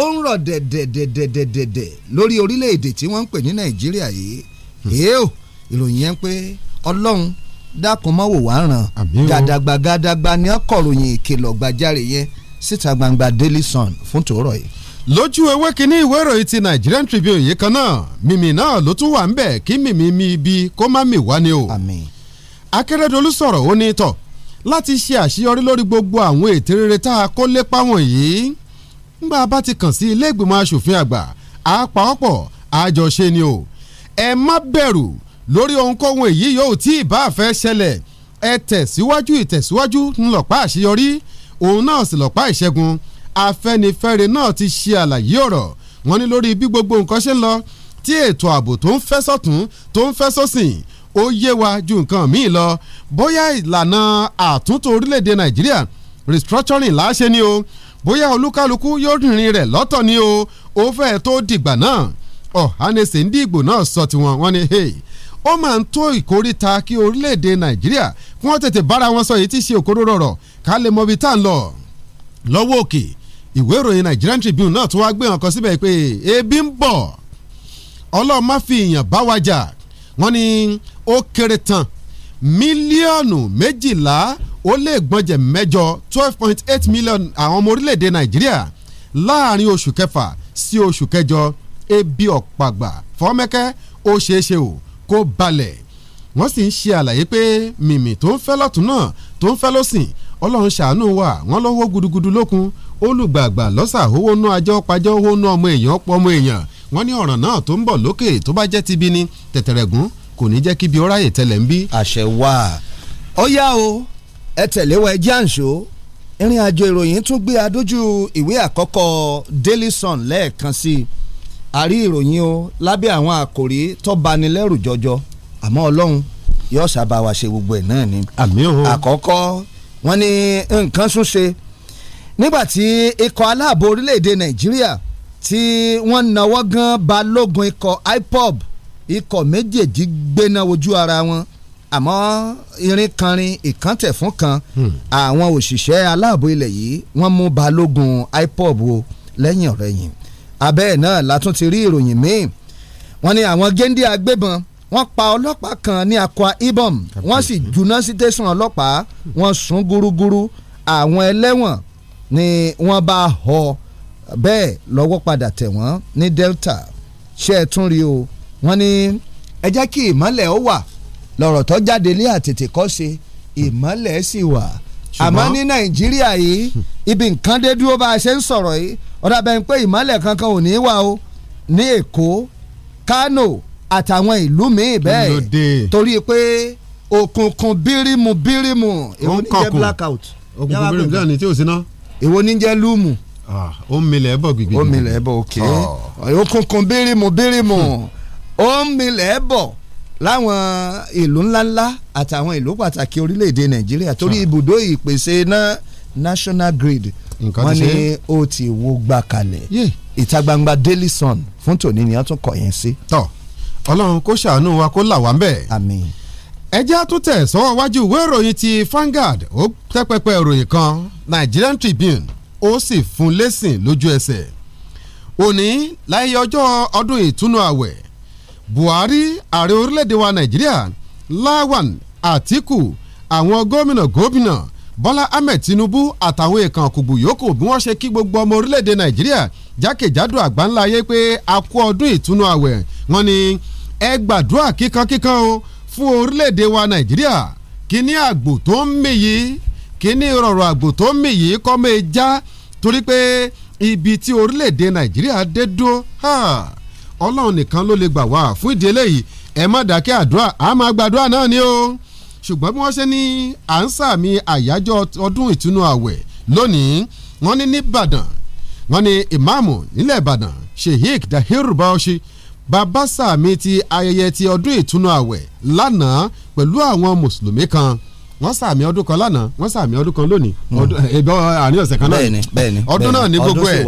ó ń rọ̀ dẹ̀dẹ̀dẹ̀dẹ̀dẹ̀ lórí orílẹ̀-èdè tí wọ́n ń pè ní nàìjíríà yìí hmm. èé o ìròyìn yẹn pé ọlọ́run dákun mọ́ wò wá ràn gàdàgbà gàdàgbà ni akọ̀ròyìn ìkìlọ̀ gbàjarè yẹn síta gbangba daily sun fún tòórọ̀ yìí lójú ewé kínní ìwé ìròyìn ti Nigerian Tribune yìí kan náà mìmì náà ló tún wà ń bẹ̀ kí mìmì mi ibi kó má mì wá ni o. Akérèdọ́lù sọ̀rọ̀ ó ní tọ̀ láti ṣe àṣeyọrí lórí gbogbo àwọn ètè rere tá a kó lépa wọ̀nyí ńgbà bá ti kàn sí ilé ìgbìmọ̀ asòfin àgbà àpapọ̀ àjọṣe ni o ẹ má bẹ̀rù lórí ohunkóhun èyí yóò tí ì bá àfẹ́ ṣẹlẹ̀ ẹ tẹ̀síwájú ìtẹ̀síwájú ńlọ̀pá àṣeyọrí òun náà sì lọ̀pá ìṣẹ́gun afẹ́nifẹ́re náà ti ṣe àlàyé ọ̀rọ̀ wọn ní lórí bí gbogbo nǹkan ṣe ń lọ tí ètò ààbò tó ń fẹ́ sọ́tún tó ń fẹ́ sọ́sìn ó yé wa ju nǹkan míì lọ bóyá ìlànà àtúntò orílẹ̀-èdè nàìjíríà restructuring láṣẹ ni o bóyá olúkálukú yóò rìnrìn rẹ̀ lọ́tọ̀ ni o ó fẹ́ tó dìgbà náà ọ̀hánẹsẹ̀ ndígbò náà sọ tiwọn wọ́n ní hey ó máa ń tó ìkóríta kí orílẹ̀-èdè nàìjíríà kí wọ́n tètè bára wọn sọ èyí tí ṣe òkúrò rọ̀rọ̀ ká lè mọ ibi tá à ń lọ lọ́wọ́ òkè ìwé ìròyìn Nigerian Tribune náà tó wá gbé hàn kọ síbẹ̀ pé ebi ń bọ̀ ọlọ́run fi ìyàn bá wa jà wọ́n ó kéré tán mílíọ̀nù méjìlá ó lé ìgbọ́njẹ̀ mẹ́jọ twelve point eight million àwọn ọmọ orílẹ̀-èdè nàìjíríà láàrin oṣù kẹfà sí oṣù kẹjọ ebi ọ̀pàgbà fọ́mẹ́kẹ́ ó ṣeéṣe o kó balẹ̀ wọ́n sì ń ṣe àlàyé pé mìmì tó ń fẹ́ lọ́tún náà tó ń fẹ́ lọ́sìn ọlọ́run ṣàánú wa wọ́n lọ́wọ́ gudugudu lókun olùgbàgbà lọ́sà owó ná ajọ́ pàjọ́ owó ná ọmọ èèyàn pọ̀ ọmọ èèyàn wọ́n ní ọ̀ràn náà tó ń bọ̀ lókè tó bá jẹ́ ti ni tẹ̀tẹ̀rẹ̀gún kò ní jẹ́ kí ibi ó ráyè tẹ̀lẹ̀ ń bí. àṣẹ wà ó yá o ẹ tẹ̀lé wa ẹ jẹ́ àǹṣó ìrìn àjò ìròyìn tún gbé adójú ìwé àkọ́kọ́ Daily Sun lẹ́ẹ̀kan sí i àrí ìròyìn o lábẹ́ àwọn àkòrí tó bani lẹ́rù jọjọ àmọ́ ọlọ́run yóò sábà wá ṣe gbogbo ẹ̀ náà ni. àmì o. àkọ́kọ́ wọ́n ni nǹkan sún ṣe nígbà tí ikọ̀ aláàbò orílẹ̀-èdè Nàìjíríà tí wọ́n nawọ́ gan balógun ikọ̀ IPOB ikọ̀ méjèèjì gbéná wojú ara wọn àmọ́ irin kanrin ìkántẹ̀ fún kan hmm. àwọn òṣìṣẹ́ aláàbò ilẹ̀ yìí wọ́n mú balógun ipob o lẹ́yìn ọ̀rẹ́yìn abẹ́ ẹ̀ náà látún ti rí ìròyìn míì wọ́n ní àwọn géńdé agbébọn wọ́n pa ọlọ́pàá kan ní Akwa Ibom wọ́n sì juná sí tẹ̀sán ọlọ́pàá wọ́n sún gúrúgúrú àwọn ẹlẹ́wọ̀n ni wọ́n bá họ bẹ́ẹ̀ lọ́wọ́ padà tẹ̀ wọ́n ní Delta ṣé ẹ tún rí o wọ́n ní ẹ jẹ́ kí ìmọ́lẹ̀ ó wà lọ́rọ̀ tó jáde lé àtètè kọ́ ṣe ìmọ́lẹ̀ sì wà àmọ́ ní nàìjíríà yìí ibi nǹkan dé dúró bá a ṣe ń sọ̀rọ̀ yìí ọ̀dà bẹ́ẹ̀ pé ìmọ́lẹ̀ kankan ò ní wà o ní èkó kánò àtàwọn ìlú míì bẹ́ẹ̀ torí pé òkùnkùn bírímù bírímù èwo ní jẹ́ blackout òkùnkùn bírímù bírímù tí ò sí ná. èwo ní jẹ́ lúùmù. Ah, ó milẹ̀ ẹ̀ bọ̀ gbìgbìgbì. ó milẹ̀ ẹ̀ bọ̀ òkè ah. òkùnkùn bírímù bírímù. Hmm ó ń milẹ̀ bọ̀ láwọn ìlú ńláńlá àtàwọn ìlú pàtàkì orílẹ̀-èdè nàìjíríà torí ibùdó ìpèsè náà national grid wọ́n ní ó ti wó gbà kalẹ̀ ìta gbangba daily sun fún tòní ni wọ́n tún kọ̀ yẹn sí. tọ́ ọlọ́run kó ṣàánú wa kó là wá ń bẹ̀. àmín. ẹjẹ́ àtúntẹ̀ wájú ìwé ìròyìn ti Vanguard ó tẹ́ ìròyìn kan Nigerian Tribune ó sì fún lẹ́sìn lójú ẹsẹ̀ òní láyé ọjọ́ ọdún ìtúnu àwẹ̀ Buhari ààrẹ orílẹ̀-èdè wa Nàìjíríà Lawan Atiku àwọn gómìnà gómìnà Bọ́lá Ahmed Tinubu àtàwọn èèkàn kùgbù yòókù bí wọ́n ṣe kí gbogbo ọmọ orílẹ̀-èdè Nàìjíríà jákèjádò àgbáńlá ayé pé a kú ọdún ìtúnu àwẹ̀ wọ́n ní ẹ gbàdúrà kíkankíkan o fún orílẹ̀-èdè wa Nàìjíríà kíní àgbò tó ń mì yìí kíní rọ̀rọ̀ àgbò tó ń mì yìí kọ́ mọ́ ẹ já torí pé ibi tí orílẹ̀-èdè Nàìjíríà dé dúró ọlọ́run nìkan ló lè gbà wá fún ìdí eléyìí ẹ má dákẹ́ àdúrà á máa gbàdúrà náà ni o ṣùgbọ́n bí wọ́n ṣe ní à ń sàmì àyájọ́ ọdún ìtúnu àwẹ̀ lónìí wọ́n ní nìbàdàn wọ́n ní ìmáàmù nílẹ̀ ìbàdàn sheikh dahiru baoshi babasa sàmì ti ayẹyẹ ti ọdún ìtúnu àwẹ̀ lánàá pẹ̀lú àwọn mùsùlùmí kan wọ́n sàmì ọdún kan lánàá wọ́n sàmì ọdún kan lónìí ẹ̀bọ hmm. eh, eh, àárín ọ̀sẹ̀ kan náà ọdún náà ní gbogbo ẹ̀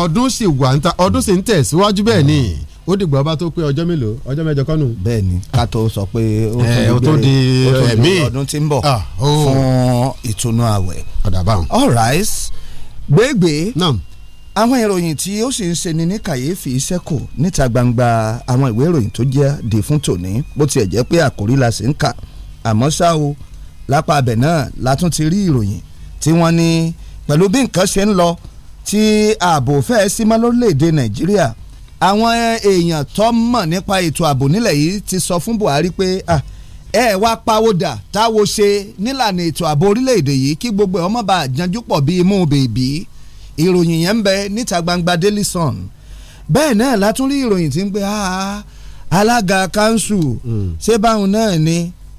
ọdún sì wà ń ta ọdún sì ń tẹ̀ síwájú bẹ́ẹ̀ ni hmm. ó dìgbà ọba tó pé ọjọ́ mélòó ọjọ́ mẹ́jọ kọ́nù. bẹ́ẹ̀ni ká tó sọ pé ó tó eh, di ẹmí ọdún tí ń bọ̀ ah, oh. fún ìtùnú àwẹ̀. ọ̀dàbàwọn. all right gbégbé àwọn ìròyìn tí ó sì ń ṣeni ní kàyéfì sẹ́kù níta gbangba àwọn ìwé ìròyìn tó jẹ́ di fún tòní bó tiẹ̀ jẹ́ pé àkòrí la sì ń kà àmọ́ ṣá o lápá abẹ náà la tún ti rí ìròyìn tí wọ́n ní pẹ̀lú bí nǹkan ṣe ń lọ tí ààbò fẹ́ẹ́ sí mọ́ lórílẹ̀‐èdè nàìjíríà àwọn èèyàn tó mọ̀ nípa ètò ààbò nílẹ̀ yìí ti sọ fún buhari pé ẹ wá pawódà táwo ṣe nílànà ètò ààbò orílẹ̀‐èdè yìí kí gbogbo ọmọ bá janjú pọ̀ bíi imú bèbí ìròyìn yẹn ń bẹ níta gbangba daily sun bẹ́ẹ̀ náà látún ìròyìn tí ń pè alága kanṣu hmm. ṣé báwọn náà ni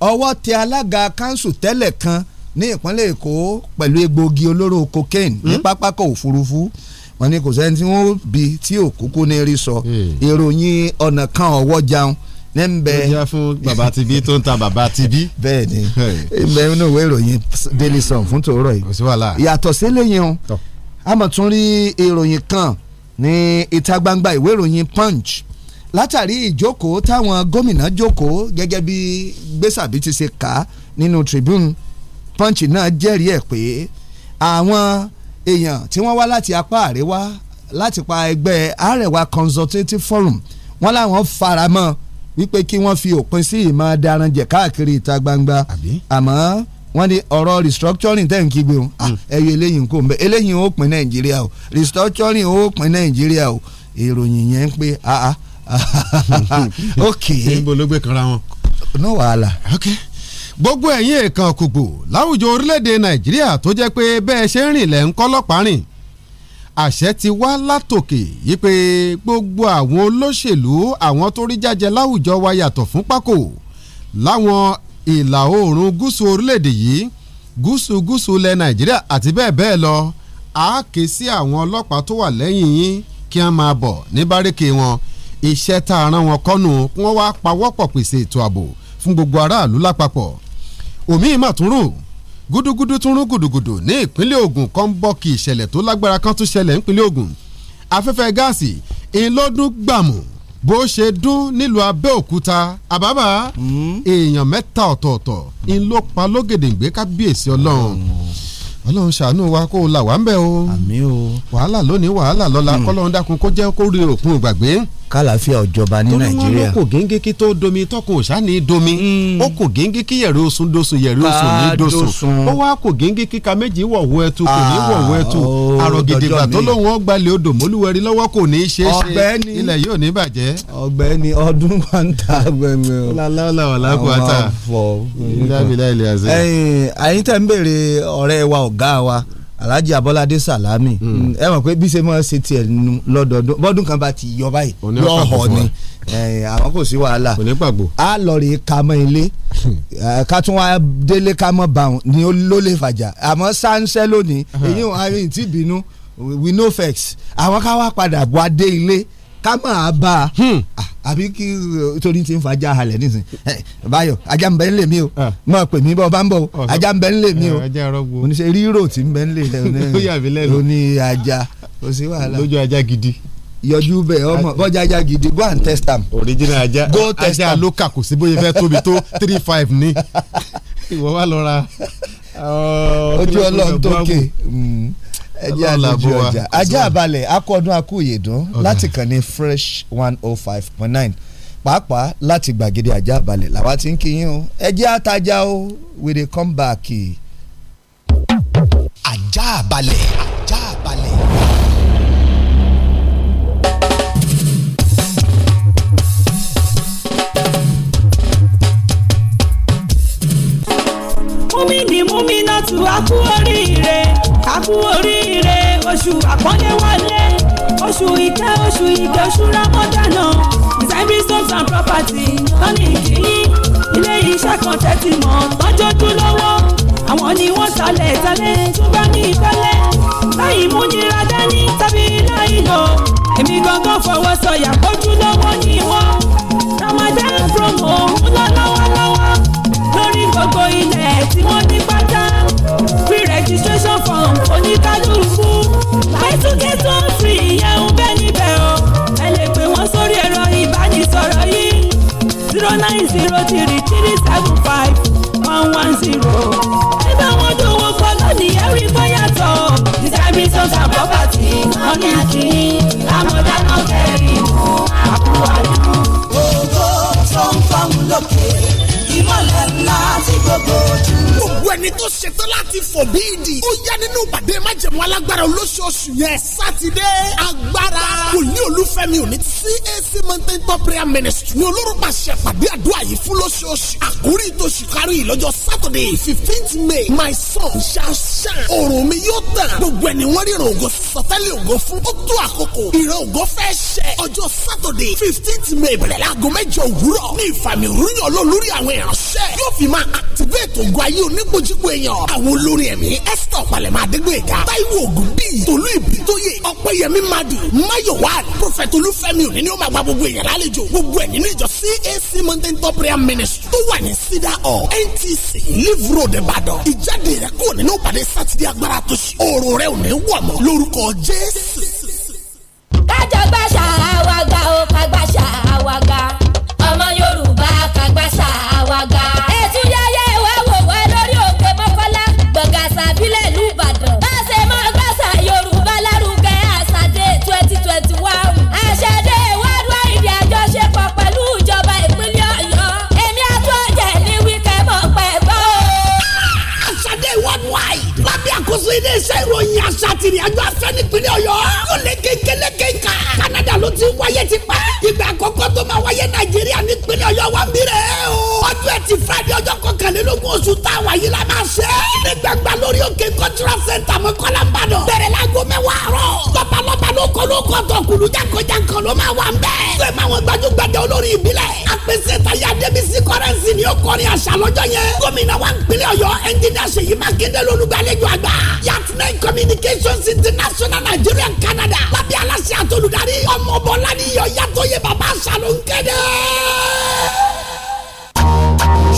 ọwọ́ tẹ alága kanṣu tẹ́lẹ̀ kan ní ìpínlẹ̀ èkó pẹ̀lú egbògi olóró cocaine ní hmm? pápákọ̀ òfurufú wọ́n ní kò sẹ́ni tí wọ́n bi tí òkúkú ní rí sọ hmm. ìròyìn ọ̀nà kan ọ̀wọ́ jaun ní n bẹ. ó yá fún bàbá tibí tó ń ta bàbá tibí. bẹ́ẹ̀ni n hmm. bẹ inú ìwé ìròyìn daily sun fún tòórọ yìí. yàtọ̀ sí o a tún rí ìròyìn kan ní ìta gbangba ìwé ìròyìn punch látàrí ìjókòó táwọn gómìnà jókòó gẹ́gẹ́ bí gbèsàbí ti ṣe kà á nínú Tribune Punch náà jẹ́rìí ẹ̀ pé àwọn èèyàn tí wọ́n wá láti apá àríwá láti pa ẹgbẹ́ Arewa Consultative Forum wọ́n láwọn faramọ́ wípé kí wọ́n fi òpin sí ìmọ̀ daranjẹ̀ káàkiri ìta gbangba àmọ́ wọ́n ní ọ̀rọ̀ restructuring tẹ̀ ń kígbe o ah, hmm. ẹ̀yọ eléyìí ń kó mbẹ́ eléyìí ó pin Nàìjíríà o restructuring ó pin Nàìjíríà o ìròyìn yẹn ń pé ah, ah ok. níbo ló gbé kanra wọn. no wàhálà. ok gbogbo ẹ̀yin èèkàn kògbò láwùjọ orílẹ̀-èdè nàìjíríà tó jẹ́ pé bẹ́ẹ̀ ṣe ń rìn lẹ́ ń kọ́ lọ́pàá rìn àṣẹ ti wá látòkè yí pé gbogbo àwọn olóṣèlú àwọn tó rí jájẹ láwùjọ wa yàtọ̀ fún pákó láwọn ìlà oòrùn gúúsù orílẹ̀-èdè yìí gúúsù gúúsù lẹ̀ nàìjíríà àti bẹ́ẹ̀ bẹ́ẹ̀ lọ a ké sí àwọn ọlọ́pàá tó wà lẹ́yìn yín kí wọ́n máa bọ̀ ní bárékè wọn iṣẹ́ tá a rán wọn kọ́nù kí wọ́n wá pawọ́pọ̀ pèsè ètò ààbò fún gbogbo aráàlú lápapọ̀ òmí ìmọ̀túnrù gúdúgúdú tún rún gùdùgùdù ní ìpínlẹ̀ Ògùn kan bọ́ kí ìṣẹ̀lẹ̀ tó lágbára kan tún ṣẹlẹ̀ nípínlẹ̀ Ògùn afẹ́fẹ́ gáàsì ìlọ́dún gbàmù bó ṣe dún nílùú Abẹ́òkúta àbábà hmm? èèyàn mẹ́ta ọ̀tọ̀ọ̀tọ̀ ńlọpa lógèdèǹgbé kábíyèsí Ọlọ́run hmm. ọlọ́run ṣàánú wa kó o là wá ń bẹ̀ o wàhálà lónìí wàhálà lọ́la hmm. kọ́lọ́run dákun kó jẹ́ kó rí òpin ìgbàgbé kálàáfíà ọ̀jọba ní nàìjíríà. torí wọn ló kò géńgé kí tó domi tọkùn òṣà ní domi hmm. ó kò géńgé kí yẹ̀rì oṣù doṣù yẹ̀rì oṣù ní doṣù ó wá kò géńgé kí ka méjì wọ̀wọ́ ẹtu kò ní ah, wọ̀wọ́ ẹtu àrògìdìgbà tó lóun ó gbalẹ̀ odò mólúwẹ̀rí lọ́wọ́ kò ní í ṣe é ṣe ilẹ̀ yóò ní bàjẹ́. ọ̀gbẹ́ni ọdún wa ń ta gbẹmí o. lálẹ́ wà lákòóta ilé àbílẹ̀ ilé àzẹ. ẹyin àyíntẹ́ ń béèrè ọ̀rẹ́ wa ọ̀gá wa n ta gbemi o lale wa lakoota ore wa alhaji abolade salami hmm. hmm, ẹ mọ̀ pé bí ṣe máa ṣe tiẹ̀ lọ́dọọdún bọ́dún kan bá ti yọ báyìí yọ ọ̀họ̀ ni àwọn kò sí wàhálà a lọ rè kamọ́ ilé hmm. ká tún wá délé kamọ́ báwọn ni ló lè fàjà àmọ́ sáńsẹ́ lónìí èyí wọn àárín ìtì bínú winofex àwọn ká wá padà wá dé ilé ká máa bá a hmm. ah, àbí kí eh, torí ti ń fa ajá halẹ̀ nísìnyí eh, báyọ̀ ajá ń bẹ ń lè mí o ah. mọ̀ pè mí bọ́ bá ń bọ̀ o ajá ń bẹ ń lè mí o ah, oníṣẹ́ rírò tí ń bẹ ń lè rẹ̀ oní ajá kò sí wàhálà lójú ajá gidi yọjú bẹ ọmọ bọjá ajá gidi go and test am. original ajá go test am ajá local kò sí bóyá fẹ́ tóbi tó three five ní ìwọ wà lọ ra. ojú ọlọ́run tó ẹjẹ́ àlejò ọjà ajá àbálẹ̀ akọ́dún akóyèdún láti kàn ní fresh one oh five point nine pàápàá láti gbàgede ajá àbálẹ̀ làwa ti ń kíyìn o ẹjẹ́ àtajà o we dey come back. ajá àbálẹ̀ ajá àbálẹ̀. múmi ni múmi náà tù wá kú oríire kakú oríire oṣù àpọ́nlé wọlé oṣù ìkẹ́ oṣù ìkẹ́ oṣù rámọ́dánà Zion stones and property tọ́ni ìkíní ilé iṣẹ́ kan tẹ́tí mọ́ tọ́jọ́jú lọ́wọ́ àwọn ni wọ́n sálẹ̀ sálẹ̀ tún bá ní ìfẹ́lẹ́ láì mú nira dání tàbí láì lọ èmi gangan fọwọ́ sọ̀yà pójú lọ́wọ́ ni wọ́n Ramadan promo ń lọ lọ́wọ́lọ́wọ́ lórí gbogbo ilẹ̀ tí wọ́n ní nine zero three three seven five one one zero. ẹgbẹ́ wọn dòwò pọ̀ lónìí ẹ̀rí bóyàtọ̀ distributions and property wọ́n ní àjí lámọ́dá náà fẹ́ẹ́ rí mú àbúrò àdúgbò. gbogbo tó ń fọ́ọ̀mù lókè láti gbogbo ojú. gbogbo ẹni tó ṣetán láti fọ̀ bí ìdì. ó yá nínú ìpàdé májẹ̀mú alágbára olóṣooṣù yẹn. sátidé agbára. wòlíì olúfẹ́mi òní CAC mountain top prayer ministry. ní olórúkọ àṣẹ pàdé àdúrà yìí fún lóṣooṣù. àkórí ìtòṣù kárí lọ́jọ́ sátọ̀dẹ̀ fifteenth may my son shall shine. oòrùn mi yóò tàn. gbogbo ẹni wọ́n ríran ògo sọtẹ́lẹ̀ ògo fún. ó tó àkókò ìran ògo fẹ́ ṣẹ. ọjọ́ sátọ̀dẹ̀ fifteenth may bẹ̀rẹ̀ láago mẹ́jọ òwúrọ̀. ní ìfàmì òrùyàn lórí àwọn ìránṣẹ́ yóò fi máa activate ògo ayé oníkojúkọ èèyàn àwọn olórin ẹ̀mí esther palẹ̀mọ́ adégbèga táíwò ògùn bíi tòlú ìbítóyè ọ̀pẹ̀yẹmí madu mayowan prophet olúfẹ́mi òní ni ó máa gba gbogbo èèyàn lálejò gbogbo ẹ̀ nínú ìjọ cac mountain top prayer ministry tó wà ní cedar hall ntc live road ìbàdàn ìjáde rẹ̀ kúrò nínú ìpàdé sátidé agbára tó ṣe òòrùn rẹ̀ ò ní wọ̀ mọ́ lórúkọ jésù káàkiri àjọ afẹ́ nípínlẹ̀ ọ̀yọ́. ó lè ké kélékè ká. Canada ló ti wáyé ti pẹ́. ìgbà àkọ́kọ́ tó máa wáyé Nàìjíríà nípínlẹ̀ ọ̀yọ́ wa ń bí rẹ̀ o láti friday ọjọ́ kọkànlélógún oṣù táwa yìí la máa ṣe. nígbàgbà lórí òkè cultural center mọ́kànlá ń bàdàn. bẹ̀rẹ̀ láago mẹ́wàá àárọ̀. lọ́balọ́ba ló kọ́ ló kọ́ tọ̀ kùlù jákòjákò ló máa wà ń bẹ́ẹ̀. sọ ma àwọn gbajúgbajà olórí ìbílẹ̀. apèsè tàyà débísí kọ́rẹ́nsì ni ó kọrin àṣà lọ́jọ́ yẹn. gómìnà wa ìpínlẹ̀ ọ̀yọ́ ẹnjìnìà ṣèyí mákindé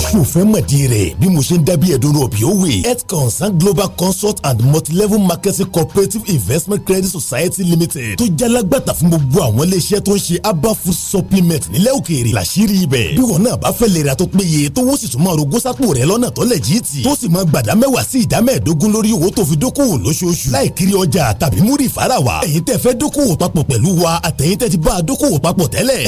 ṣòfẹ́ mọ̀dí rẹ̀ bí mo ṣe ń dábìí ẹ̀dùn òbí ó wè health consult global consult and multilevel marketing cooperative investment credit society limited tó jalagbàtà fún gbogbo àwọn iléeṣẹ́ tó ń ṣe herbal food supplement nílẹ̀ òkèèrè làṣírí ibẹ̀ bí wọn náà bá fẹ́ lè ra tó péye tó wọ́n sì tún máa rogó sápò rẹ̀ lọ́nà tó lẹ̀ jí tì tó sì máa gbàdá mẹ́wàá sí ìdá mẹ́ẹ̀ẹ́dógún lórí owó tó fi dókòwò lóṣooṣù láì kiri ọjà tàbí múrì fara wa ẹ̀yin tẹ́ fẹ́ dókòwò papọ̀ pẹ̀lú wa àtẹ̀yin tẹ́ ti bá a dókòwò papọ̀ tẹ́lẹ̀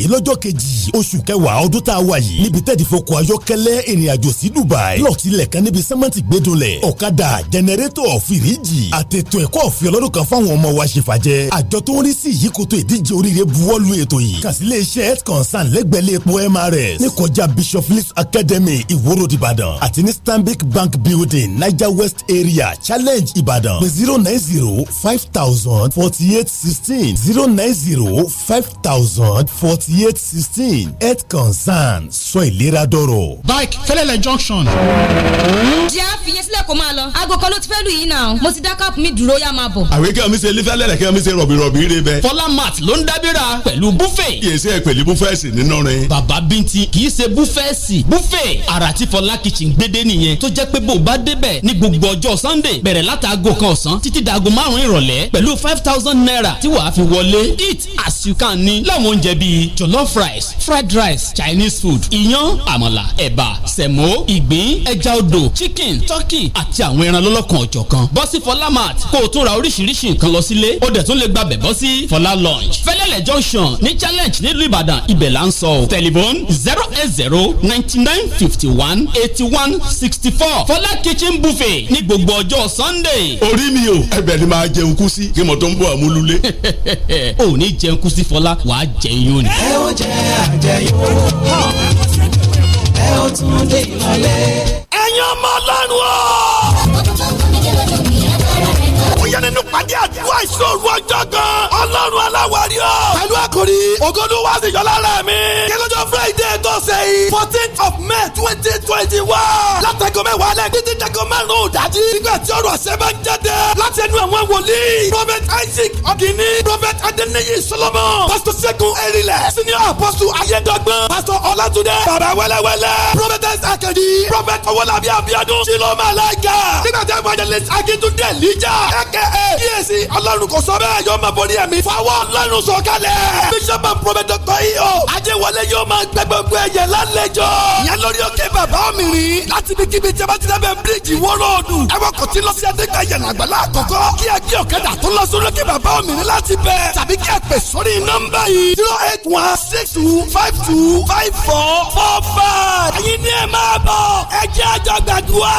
ẹ máa lọ́jọ́ kejì oṣù kẹwàá ọdún tá a wà yìí níbi tẹ́ẹ̀dì fọkọ̀ ayọ́kẹ́lẹ́ ìrìnàjò sí Dubai lọ́ọ̀tilẹ̀ kan níbi sẹ́mẹ́ntì gbẹdọ̀lẹ̀ ọ̀kadà jẹnẹrétọ̀ fìríjì àtètò ẹ̀kọ́ ọ̀fẹ́ ọlọ́dún kan fáwọn ọmọ wa ṣèfàjẹ́ àjọ tó ń rí sí ìyíkoto ìdíje oríire buwọ́lu ètò yìí kàsílẹ̀ iṣẹ́ health concern lẹ́gbẹ̀lẹ́ epo MRS ní kọjá Bishop Phillips Academy ìwòrò Ìbàdàn àti ní Stanbic Bank Building Niger West Area Challenge Ìbàdàn pé zero nine zero five thousand forty eight sixteen zero nine zero five thousand forty eighty eight sixteen health concern sọ ìlera dọ̀rọ̀. bike fẹlẹlẹ junction. díẹ̀ fìyẹn sílẹ̀ kó máa lọ aago kan ló ti fẹ́ lù yìí náà mo ti dá káàpù mi dúró yá máa bọ̀. àwé kí omi ṣe lífẹ́lẹ́lẹ̀ kí omi ṣe rọ̀bìrọ̀bì rẹ bẹ́ẹ̀. fọlá mart ló ń dábìra pẹ̀lú búfẹ̀. kì í ṣe pẹ̀lú búfẹ́ẹ̀sì nínú rẹ. bàbá bíntín kì í ṣe búfẹ́ẹ̀sì búfẹ̀ àrà tí fọlá kitchen gbédé nìyẹn tó jẹ́ pé bó bá débẹ̀ ní gbogbo ọjọ́ sunday bẹ̀rẹ̀ látàgò kan ọ̀sán títí dàgò five thousand naira tí wàá eat as you can ní láwọn oúnjẹ jollof rice fried rice chinese food iyán àmàlà ẹ̀bà sẹ̀mó ìgbín ẹja odò chicken turkey àti àwọn ẹran lọ́lọ́kan ọ̀jọ̀kan bọ́ sí fọlá mart kó o tún ra oríṣiríṣi nǹkan lọ sílé ó dẹ̀ tún lè gbàbẹ̀ bọ́ fọlá lunch fẹ́lẹ́lẹ̀ junction ní challenge nílùú ìbàdàn ibẹ̀ là ń sọ o tẹlifon zero eight zero ninety nine fifty one eighty one sixty four fọlá kitchen buffet ní gbogbo ọjọ́ sunday. orí mi o ẹ̀bẹ̀ ni màá jẹun kú sí kí mo tó ń bọ̀ àmúlulẹ̀. ò ní jẹun kú sí fọlá wàá jẹun yóò ní ẹ ó jẹ àjẹyó ẹ ó tún dé ìmọ̀lẹ̀. ẹ̀yin ọmọ ọlọ́run o nínú pàdé àdúrà ìṣòro kan ọlọ́run aláwárí o. pẹ̀lú àkòrí ògòdó wá sí ìjọba rẹ̀ mi. kíkọ́jọ́ friday tó ṣe yìí fourteen of may twenty twenty one. látàgọ́ mẹ́wàá lẹ́ títí dàgọ́ márùn-ún dájí. nígbà tí ọ̀rọ̀ ṣẹ́ bá ń jáde láti ẹnu àwọn wòlíì. prophet isaac ọ̀gìnní prophet adeniyi solomon pastor segun erilẹ̀ senior apostle ayédọ́gbọ̀n pastor ọlátúndé baba wẹ́lẹ́wẹ́lẹ́ prophetess akadi prophet ọwọ́lábí abiadun silomalaika nígbà tí evangelist akitunde lija kalẹ̀. kíyèsí ọlọ́run kò sọ bẹ́ẹ̀ yóò máa borí ẹ̀mí. fáwọn ọlọ́run sọ kalẹ̀. bishop and prophet dr iyo e ajẹ́wọlé yóò máa gbẹ gbogbo ẹ̀yẹ lálejò. ìyẹn lórí òkè bàbá mi rí. láti ní kíbi tí a bá ti dábẹ́ bíríìjì wọ́rọ́ọ̀dù. ẹ wọ́n kò tí lọ sí adégbà yẹn àgbàlá àkọ́kọ́. kí ẹ kí ọ̀kadà tó lọ sórí òkè bàbá mi rí láti bẹ̀. tàbí kí ẹ pè sórí nọ́mbà yìí. eight one six two five two five four four five. ẹ̀yin ni ẹ máa bọ̀ ẹ jẹ́ àjọ gbàdúrà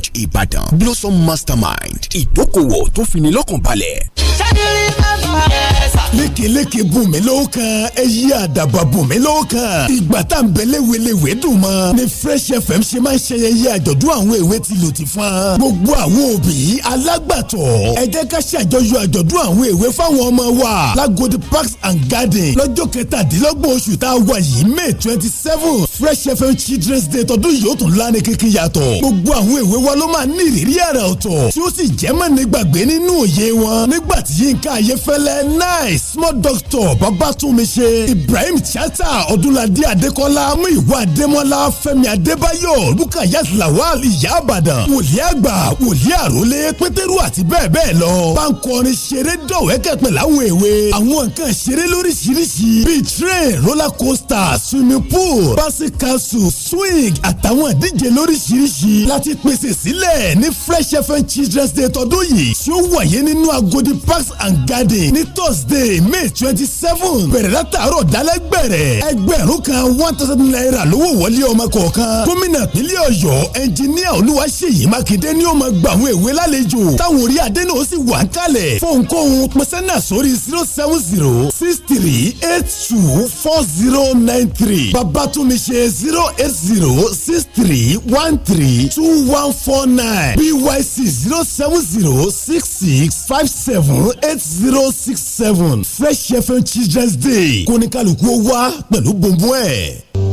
challenge ìbàdàn blossom mastermind ìdókòwò tó fini lọ́kàn balẹ̀. ṣẹ́dúrí bàbá ẹ̀ sà. lékeleke bùn mí lówó kan ẹyí àdàbà bùn mí lówó kan ìgbà tá n bẹ léwelewe dùn mọ́ ni fresh fm ṣe máa ń ṣẹyẹyẹ àjọ̀dún àwọn èwe ti lù ti fún gbogbo àwọn òbí alágbàtọ́ ẹ jẹ́ ká ṣàjọyọ̀ àjọ̀dún àwọn èwe fáwọn ọmọ wa lágodi parks and gardens. lọ́jọ́ kẹtàdínlọ́gbọ̀n oṣù tá a wà yìí may twenty seven fresh fm children's day tọdún yìí ó tún lánàá kékeré yàtọ̀ gbogbo àwọn èwe wa ló máa ní ìrírí àrà ọ̀tọ̀ tí ó sì jẹ́ mọ́ nígbàgbé nínú òye wọn nígbà tí yínká ayéfẹ́lẹ́ nice small doctor babatunmi ṣe ibrahim chata ọdúnladé adékọ́lá muiwa adémọ́lá fẹ́mi adébáyọ̀ rukaya lawal ìyá àbàdàn wòlíì àgbà wòlíì àrólé pétérù àti bẹ́ẹ̀ bẹ́ẹ̀ lọ bankọrin ṣeré dọ̀wẹ́kẹ̀ pẹ̀lú àwọn èwe àwọn nǹkan ṣeré lóríṣiríṣi bíi train roller coaster swimming pool basi castle swing àtàwọn ìdíje lóríṣiríṣi láti pèsè sílẹ̀ ní fresh fm children's day tọdún yìí tí ó wáyé nínú agodi parks and garden ní thursday may twenty seven bẹ̀rẹ̀ látàárọ̀ dálẹ́ gbẹ̀rẹ̀ ẹgbẹ̀rún kan one thousand naira lówó wọlé ọmọ kọ̀ọ̀kan gómìnà pínlẹ̀ ọ̀yọ́ ẹnjiníà olúwaṣeyì mákindé ni ó máa gbà àwọn èwe lálejò táwọn orí adé náà sì wà ń kalẹ̀ fóònkóhun pẹ̀sẹ́nà sórí zero seven zero six three eight two four zero nine three babatunmi ṣe zero eight zero six three one three two one four nine byc zero seven zero six six five seven eight zero six seven fresh fm children's day kó ní kálukú ó wá pẹ̀lú bùnbùn ẹ̀.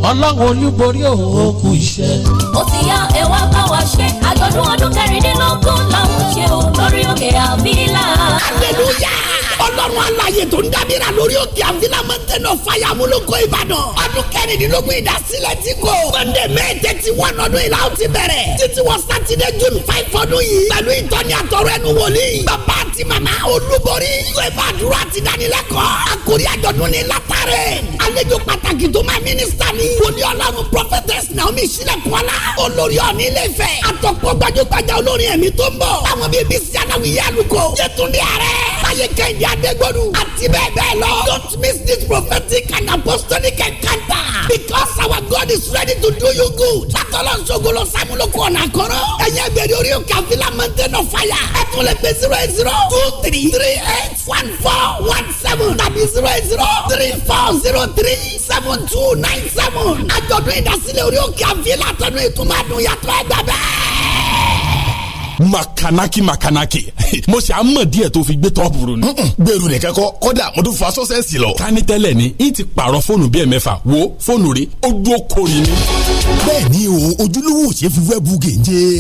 ọlọ́run olúborí òun ò kú iṣẹ́. ó ti yá ẹ wá bá wa ṣe àjọ̀dún ọdún kẹrìndínlógún làwọn ṣe ò lórí òkè àbílà. hallelujah ọlọ́run alàyè tó ń dábìrà lórí òkè àfilà mọ́tẹ́nà fàyàmúlòkọ ìbàdàn ọdún kẹrìndínlógún ìdásílẹ̀ tí kò gbọ̀ndé mẹ́ẹ̀ẹ́dẹ́ ti wọ́n ọdún ìlà ó ti bẹ̀rẹ̀ títí wọ sátidé june five ọdún yìí pẹ̀lú ìtọ́ni àtọ̀rọ̀ ẹnu wòlíì bàbá àti màmá olúborí yóò ẹ̀ bá àdúrà àti ìdánilẹ́kọ̀ọ́ àkórí àjọ̀dún ni látàrẹ̀ àlejò pàtàkì tó máa mínísítà ni wòlíì ọlọ́run prophetess naomi sílẹ̀kùnọ́lá olórí ọ̀ní ilé-ifẹ̀ àtọ̀pọ̀ gbajúgbajà olórin ẹ̀mí tó ń bọ̀ àwọn bíi bíi sianawiye àlùkò yẹtùndí ààrẹ báyìí Adégbòdù àti bẹ́ẹ̀ bẹ́ẹ̀ lọ. Don't miss this prophetic and apostolic encounter because our God is ready to do you good. Látọ̀lọ́ nsogolo Sámúlòkù ọ̀nà àkọ́rọ́. Ẹ̀yẹ́ gbèrè orí òkè àfilà mountain of fire. Ẹ tún lè pe zero eight zero two three three eight one four one seven tàbí zero eight zero three four zero three seven two nine seven. Àjọ̀dún ìdásílẹ̀ orí òkè àfilà tọdún ìtumọ̀ àdùn yàtọ̀ ẹgbẹ́ bẹ́ẹ̀ makanaki makanaki mo ṣe àmọ̀ díẹ̀ tó fi gbé tọ́pù rò ní. gbèrú nìkan kọ kọ́dà mo tún fa sọ́sẹ́sì lọ. kání tẹ́lẹ̀ ni n ti pààrọ̀ fóònù bíi ẹ̀mẹ́fà wo fóònù rí ojú okòrin ni. bẹ́ẹ̀ni o ojúlówó ṣe fi wẹ́ẹ̀bù gèje.